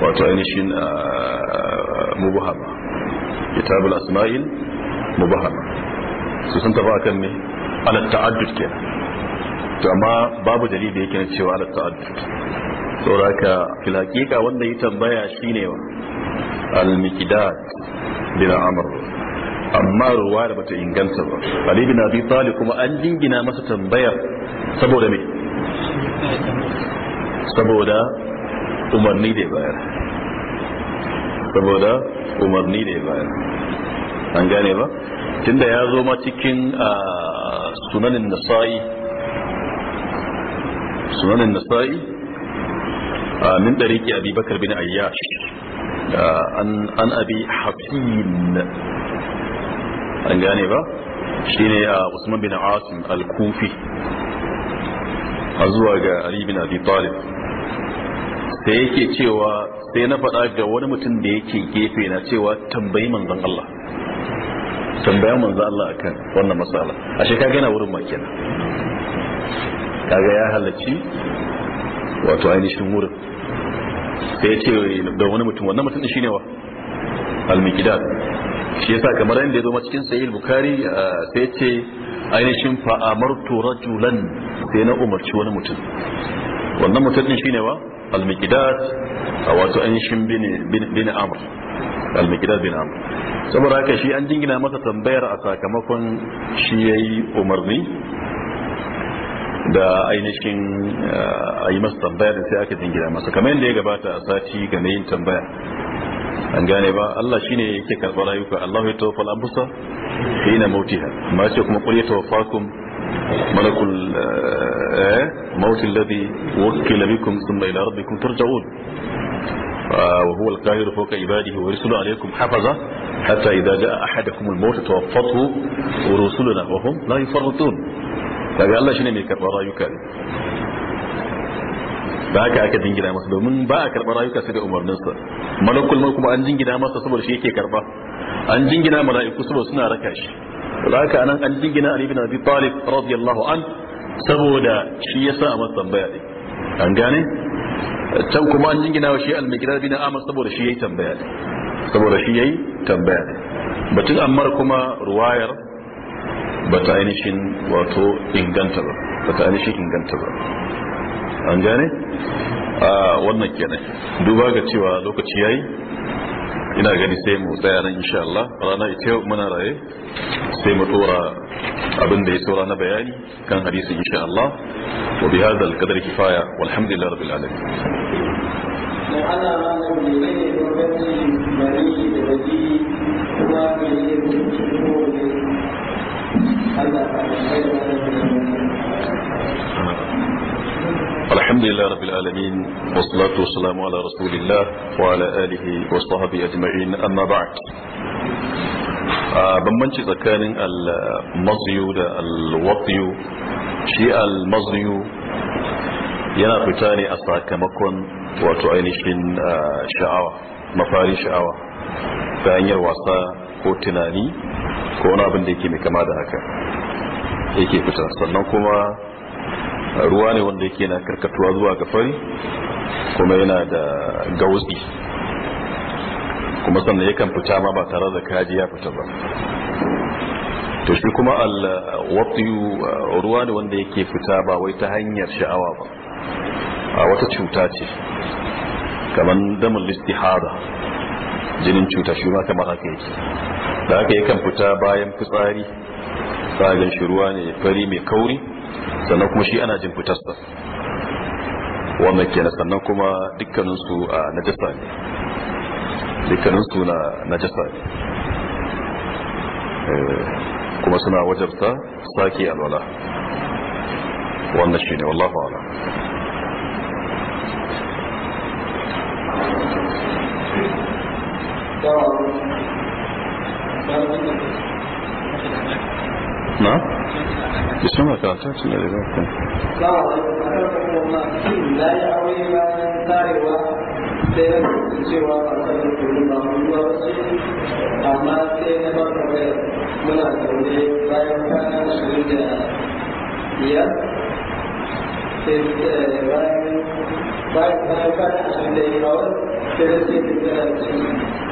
wato ainihin uh, mubhama kitabul asma'il mubhama su sun taba kan ne ala ta'addud kenan to amma babu jarida yake na cewa ala wanda ya tambaya shine al amma ruwa da bata inganta ba Ali bin Abi Talib kuma an jingina masa tambayar saboda me saboda umarni da bayar saboda umarni da bayar an gane ba tunda ya zo ma cikin sunanin nasa'i sunanin nasa'i min dariki abi bakar bin ayyash an abi hafin an gane ba shi ne a uh, usman bin asim al-kufi a zuwa ga ali bin abi talib sai yake cewa sai na faɗa ga wani mutum da yake gefe na cewa tambayi manzon Allah Tambayi manzon Allah akan wannan matsala ashe kaga yana wurin makina kaga ya halarci wato ainihin wurin sai ya ce da wani mutum wannan mutum shine wa al-miqdad shi yasa kamar yadda ya zo cikin sahih bukhari sai ce ainihin fa amartu rajulan sai na umarci wani mutum wannan mutum din shine wa al-miqdad wato ainihin bin bin amr al-miqdad bin amr saboda haka shi an jingina masa tambayar a sakamakon shi yayi umarni da ainihin a yi masa tambayar da sai aka jingina masa kamar yadda ya gabata a sati game yin tambaya an gane ba Allah shine yake karba rayuka Allah ya tawaffal abusa hina mautiha amma ce kuma kulli tawaffakum malakul maut alladhi wukila bikum thumma ila rabbikum turja'un wa huwa fawqa ibadihi وهو القاهر فوق عباده ورسل عليكم حفظة حتى إذا tawaffathu wa rusuluna wa hum la لا يفرطون Allah shine mai karba rayuka da haka aka jingina masa domin ba a karɓar rayuka sai da umarninsa malakul mulk kuma an jingina masa saboda shi yake karɓa. an jingina mala'iku saboda suna raka shi da haka anan an jingina ali bin abi talib radiyallahu an saboda shi ya sa a masa tambaya din an gane can kuma an jingina wa shi al-migdad bin amr saboda shi yayi tambaya din saboda shi yayi tambaya din batun ammar kuma ruwayar bata ainihin wato inganta ba bata ainihin inganta ba an gane a wannan kenan duba ga cewa lokaci yayi ina gani sai mu tsaya nan insha Allah rana ita yau muna raye sai mu tura abin da ya tura na bayani kan hadisin insha Allah wa bi hadha al kifaya walhamdulillahi rabbil alamin Allah الحمد لله رب العالمين والصلاة والسلام على رسول الله وعلى آله وصحبه أجمعين أما بعد bambanci tsakanin al da al-waqiyu shi al yana fita ne a sakamakon wato ainihin ah, sha'awa mafari sha'awa ta wasa ko tunani ko wani abin da yake mai kama da haka yake fita sannan kuma ruwa ne wanda yake na karkatuwa zuwa ga fari kuma yana da gausi kuma sannan yakan fita ma ba tare da kaji ya fita ba to shi kuma al-watiyu uh, ruwa ne wanda yake fita ba wai ta hanyar sha'awa ba a wata cuta ce kamar damin listihada jinin cuta shi ma kamar haka yake da haka yakan fita bayan fitsari tsagen shi ruwa ne fari mai kauri sannan kuma shi ana jin fitarsa wannan kenan sannan kuma dukkaninsu a ah, najasa ne dukkaninsu na najasa ne eh, kuma suna wajabta sake alwala wannan shi ne wallahu ala Thank you. na? bishin makaranta ce da zai kai amma sai na ba kawai muna zaune bayan kwana ashirin da biyar sai bayan kwana ashirin da biyar sai da sai da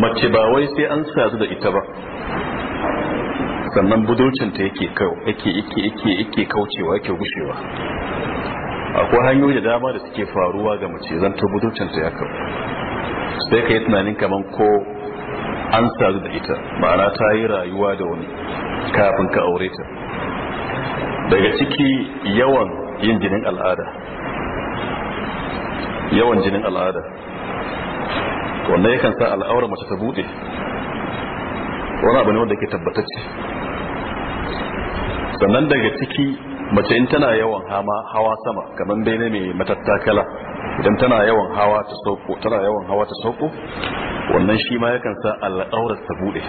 mace ba wai sai an sadu da ita ba sannan budurcinta yake yake yake kaucewa yake gushewa akwai hanyoyi da dama da suke faruwa ga mace zan ta budurcinta ya kau sai ka yi tunanin kamar ko an sadu da ita ma'ana ta yi rayuwa da wani kafin ka aure ta daga ciki yawan yin jinin al'ada yawan jinin al'ada wannan yakan sa al'aura mace ta bude wani abu ne wanda ke tabbatacce sannan daga ciki mace in tana yawan hama hawa sama kamar dai ne mai matattakala idan tana yawan hawa ta sauko tana yawan hawa ta sauko wannan shi ma yakan sa al'aurar ta bude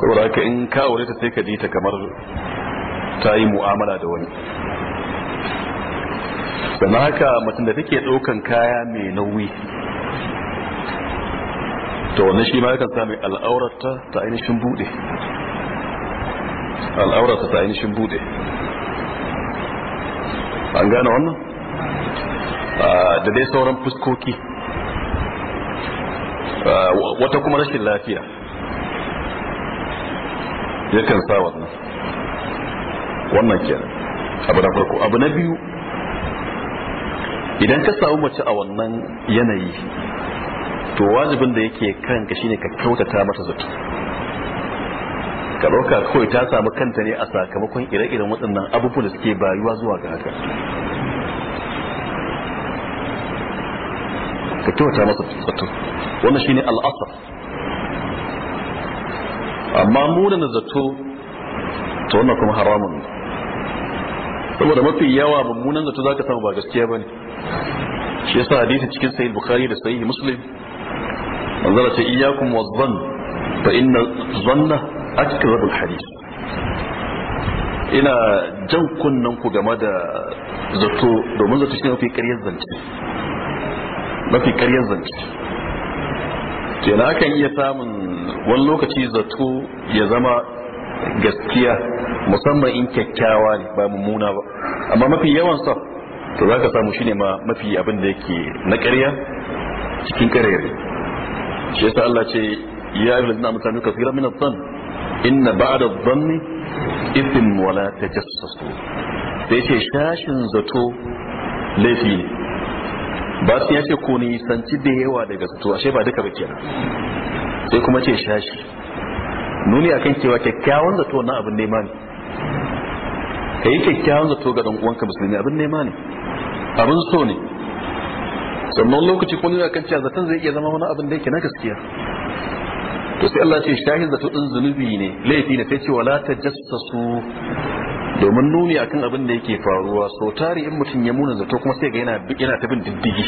saboda haka in ka aure ta sai ka ji ta kamar ta yi mu'amala da wani sannan haka mutum da take ɗaukan kaya mai nauyi to wannan shi ma yakan sami al'aurata ta ainihin bude al'aurata ta ainihin bude an gane wannan ah, da dai sauran fuskoki ah, wata kuma rashin lafiya yakan sa wannan wannan kenan abu na farko abu na biyu idan ka samu mace a wannan yanayi to wajibin da yake kanka shine ka kyautata mata zato ka ɗauka kawai ta samu kanta ne a sakamakon ire-iren waɗannan abubuwan da suke bayuwa zuwa ga haka ka kyauta masa zato wannan shine al'asar amma muna na zato to wannan kuma haramun saboda mafi yawa mummunan zato zaka samu ba gaskiya bane shi yasa hadisi cikin sahih bukhari da sahih muslim manzala ce iyyakum wadhann fa inna dhanna akdhabul hadith ina jan kunnen ku game da zato domin zato shine mafi ƙaryar zance mafi ƙaryar zance kenan akan iya samun wani lokaci zato ya zama gaskiya musamman in kyakkyawa ne ba mummuna ba amma mafi yawan sa to za ka samu shine ma mafi abin da yake na ƙarya cikin ƙaryar shi yasa Allah ce ya ayyuhal ladina amanu kathira min adh-dhann inna ba'da adh-dhanni ithm wa la tajassasu sai ce shashin zato laifi ne ba su yace ko ni sanci da yawa daga zato ashe ba duka ba kenan sai kuma ce shashi nuni akan cewa kyakkyawan zato na abin nema ne kai kyakkyawan zato ga dan uwanka musulmi abin nema ne abin so ne sannan lokaci kuma yana kan cewa zaton zai iya zama wani abin da yake na gaskiya to sai Allah ce shahin zato din zunubi ne laifi ne sai ce wala tajassasu domin nuni akan abin da yake faruwa sau tare in mutum ya muna zato kuma sai ga yana yana ta bin diddigi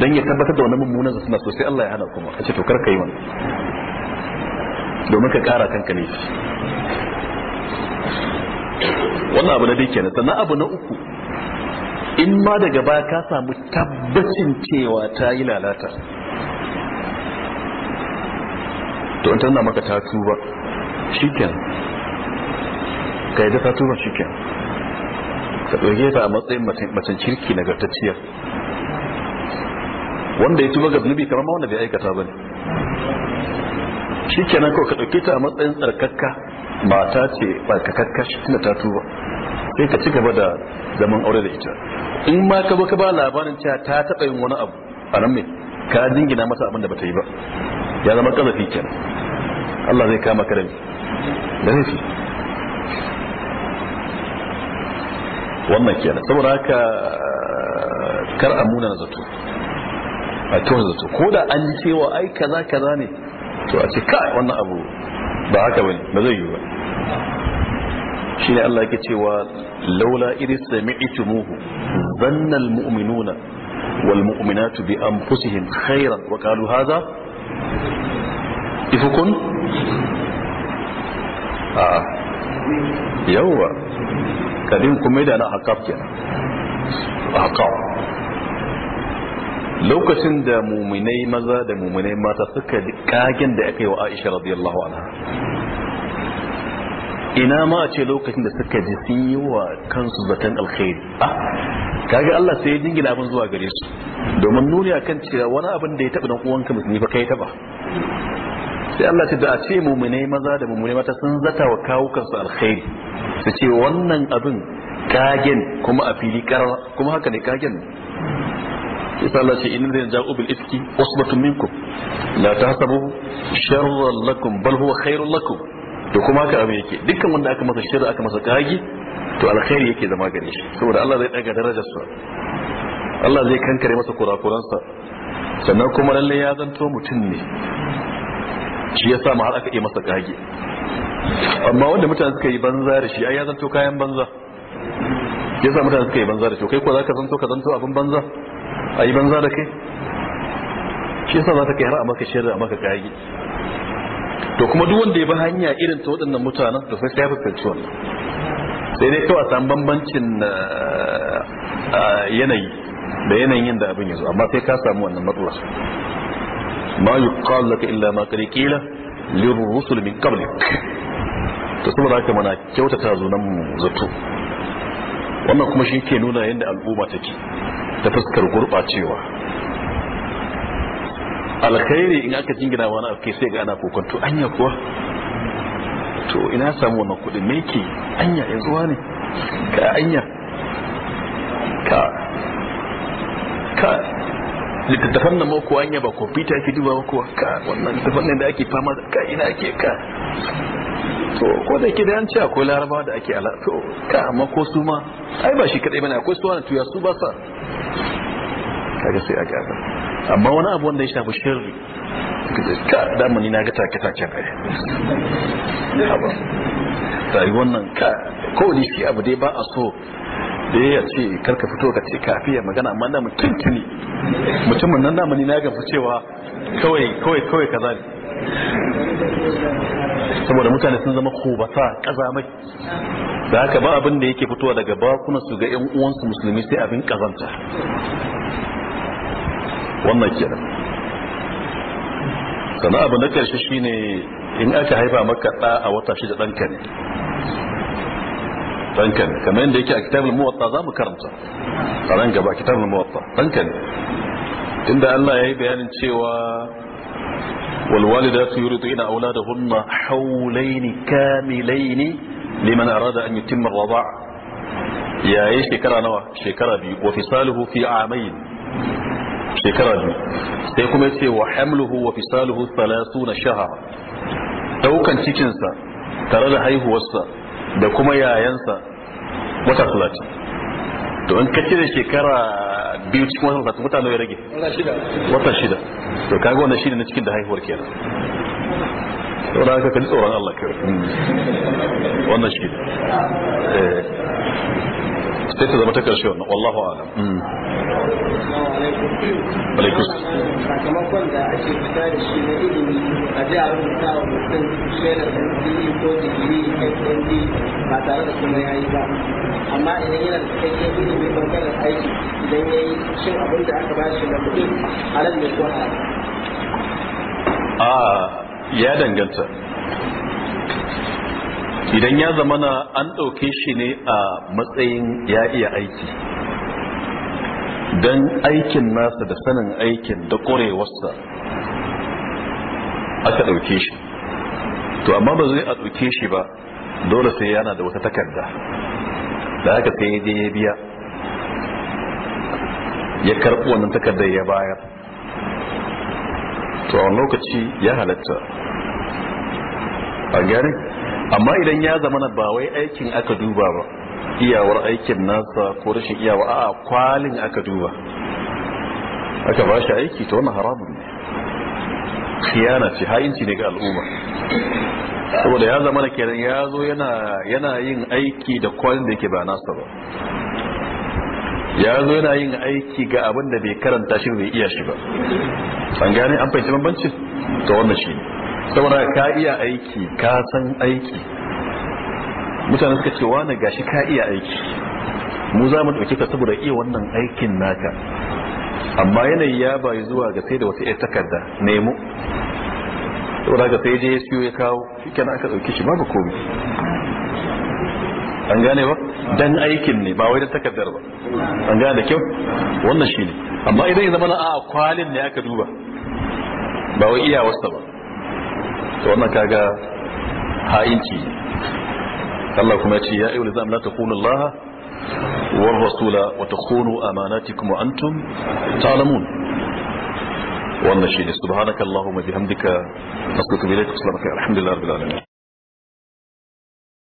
dan ya tabbatar da wannan mummunan zato na sai Allah ya hana kuma kace to kar kai wannan domin ka kara kanka ne wannan abu na dai kenan sannan abu na uku in ma daga baya ka samu tabbacin cewa ta yi lalata to in tana maka ta tuba shiken ka yi da ta tuba shiken ka ɗauke ta a matsayin macen kirki gartacciyar. wanda ya tuba ga zunubi kamar ma wanda bai aikata ba ne shi kenan kawai ka ɗauke ta a matsayin tsarkakka mata ce kakka shi tuna ta tuba sai ka ci gaba da zaman aure da ita in ma ka ka ba labarin cewa ta taɓa yin wani abu a nan mai ka jingina masa abin da bata yi ba ya zama kazafi kenan Allah zai kama ka rabi da zai wannan kenan saboda haka kar a muna zato a tuwon zato ko da an cewa ai kaza kaza ne to a ce kai wannan abu ba haka bane ba zai yi ba shi ne Allah ke cewa laula iris sami'tumuhu zanna almu'minuna wal mu'minatu bi anfusihim khairan wa qalu hadha ifukun a ah, yawa kadin kuma da a hakaf kenan hakaf lokacin da muminai maza da muminai mata suka kagen da aka yi wa aisha radiyallahu anha ina ma a ce lokacin da suka ji sun yi wa kansu zaton alkhairi ah, kaga Allah sai ya jingina abin zuwa gare su domin nuni akan cewa wani abin da ya taba dan uwanka musulmi ba kai taba sai Allah ta da a ce mumune maza da mumune mata sun zata wa kawo kansu alkhairi su ce wannan abin kagen kuma a fili karar kuma haka ne kagen isa Allah ce inna zai ja'u bil iski usbatun minkum la tahsabu sharran lakum bal huwa khairul lakum to kuma haka abin yake dukkan wanda aka masa shirri aka masa kagi to alkhairi yake zama gare shi saboda Allah zai daga sa Allah zai kankare masa kurakuransa sannan kuma lalle ya zanto mutum ne shi ya sa har aka yi masa kage amma wanda mutane suka yi banza da shi ai ya zanto kayan banza ya sa mutane suka yi banza da shi kai ko za ka zanto ka zanto abin banza a yi banza da kai shi yasa za ta kai har a maka shirri a maka kage to kuma duk wanda ya bi hanya irin ta waɗannan mutanen da sai ya fi sai dai kawai samun bambancin eh, eh, yanayi da yanayin da abin yanzu amma sai ka samu wannan matsala ma kawo laka illa ma kila Musulmi rusul min Ta to saboda haka mana kyautata zunan zato wannan kuma shi ke nuna yadda al'umma take ta fuskar gurɓacewa alkhairi in aka jingina wani alkhairi sai ga ana to anya kuwa to ina samu wannan kudin me ke anya zuwa ne ka anya ka ka littattafan nan mako anya ba kwamfuta ake duba kuwa ka wannan littattafan nan da ake fama ka ina ke ka to ko da yake da yanci akwai laraba da ake ala to ka amma ko su ma ai ba shi kadai bane akwai su wani tuya su ba sa kaga sai a gyara amma wani abu wanda ya shafi shirri ka damani na ga take-taken ai rayuwar nan ka kowane shi abu dai ba a so da ya ce karka fito ka ce kafi ya magana amma na mutum tuni mutumin nan damani na gafi cewa kawai kawai kawai kaza ne saboda mutane sun zama kobata kazamai da haka ba abin da yake fitowa daga bakunan su ga yan uwansu musulmi sai abin kazanta wannan kenan sannan abu na karshe shine in aka haifa maka ɗa a wata shida danka ne danka ne kamar yadda yake a kitabul muwatta za mu karanta a nan gaba kitabul muwatta danka ne inda Allah ya yi bayanin cewa والوالدات يرضين أولادهن حولين كاملين liman arada an yutimma ar yayi shekara nawa shekara biyu wa fisaluhu fi amain. shekara biyu sai kuma ya ce wa hamluhu wa fisaluhu salasu na shaha daukan cikinsa tare da haihuwarsa da kuma yayansa wata talatin to an kace da shekara biyu cikin wata talatin wata nawa ya rage wata shida to kaga wannan shine na cikin da haihuwar kenan saboda haka kan ji tsoron Allah kai hmm. wannan shi sai ta zama ta karshe wannan wallahu alam mm. sakamakon da ake fita da shi na ilimi a ji a rubuta wa mutum shaidar sandiri e ko digiri e ba tare da kuma yayi ba amma idan yana da ilimi aiki idan ya yi shin abin da aka ne ko a ah, ya danganta idan ya zama na an ɗauke shi ne a matsayin ya iya aiki don aikin nasa da sanin aikin da ƙorewarsa aka ɗauke shi to amma ba zai a ɗauke shi ba dole sai yana da wata takarda da haka sai ya ya biya ya karɓi wannan takardar ya bayar to a lokaci ya halatta a gari amma idan ya zama na ba wai aikin aka duba ba iyawar aikin nasa ko rashin iyawa a kwalin aka duba aka ba shi aiki ta wani haramun ne khiyana ce ha'inci ne ga al'umma saboda ya zama na kenan ya zo yana yin aiki da kwalin da yake ba nasa ba ya zo yana yin aiki ga abin da bai karanta shi bai iya shi ba an gane an fahimci bambancin ta wannan shi ne saboda ka iya aiki ka san aiki mutane suka ce wani gashi ka iya aiki mu za mu ɗauke ka saboda iya wannan aikin naka amma yanayi ya bayi zuwa ga sai da wata iya takarda nemo saboda ga sai je ya siyo ya kawo kenan aka ɗauke shi babu komai an gane ba dan aikin ne ba wai dan takardar ba an gane da kyau wannan shi ne. amma idan ya zama na a kwalin ne aka duba ba wai iya wasa ba to wannan kaga ha'inci Allah kuma ya ce ya ayyul zam la takunu Allah war rasula wa takunu amanatikum wa antum ta'lamun wannan shine subhanakallahumma bihamdika astaghfiruka wa atubu ilaik alhamdulillahi rabbil alamin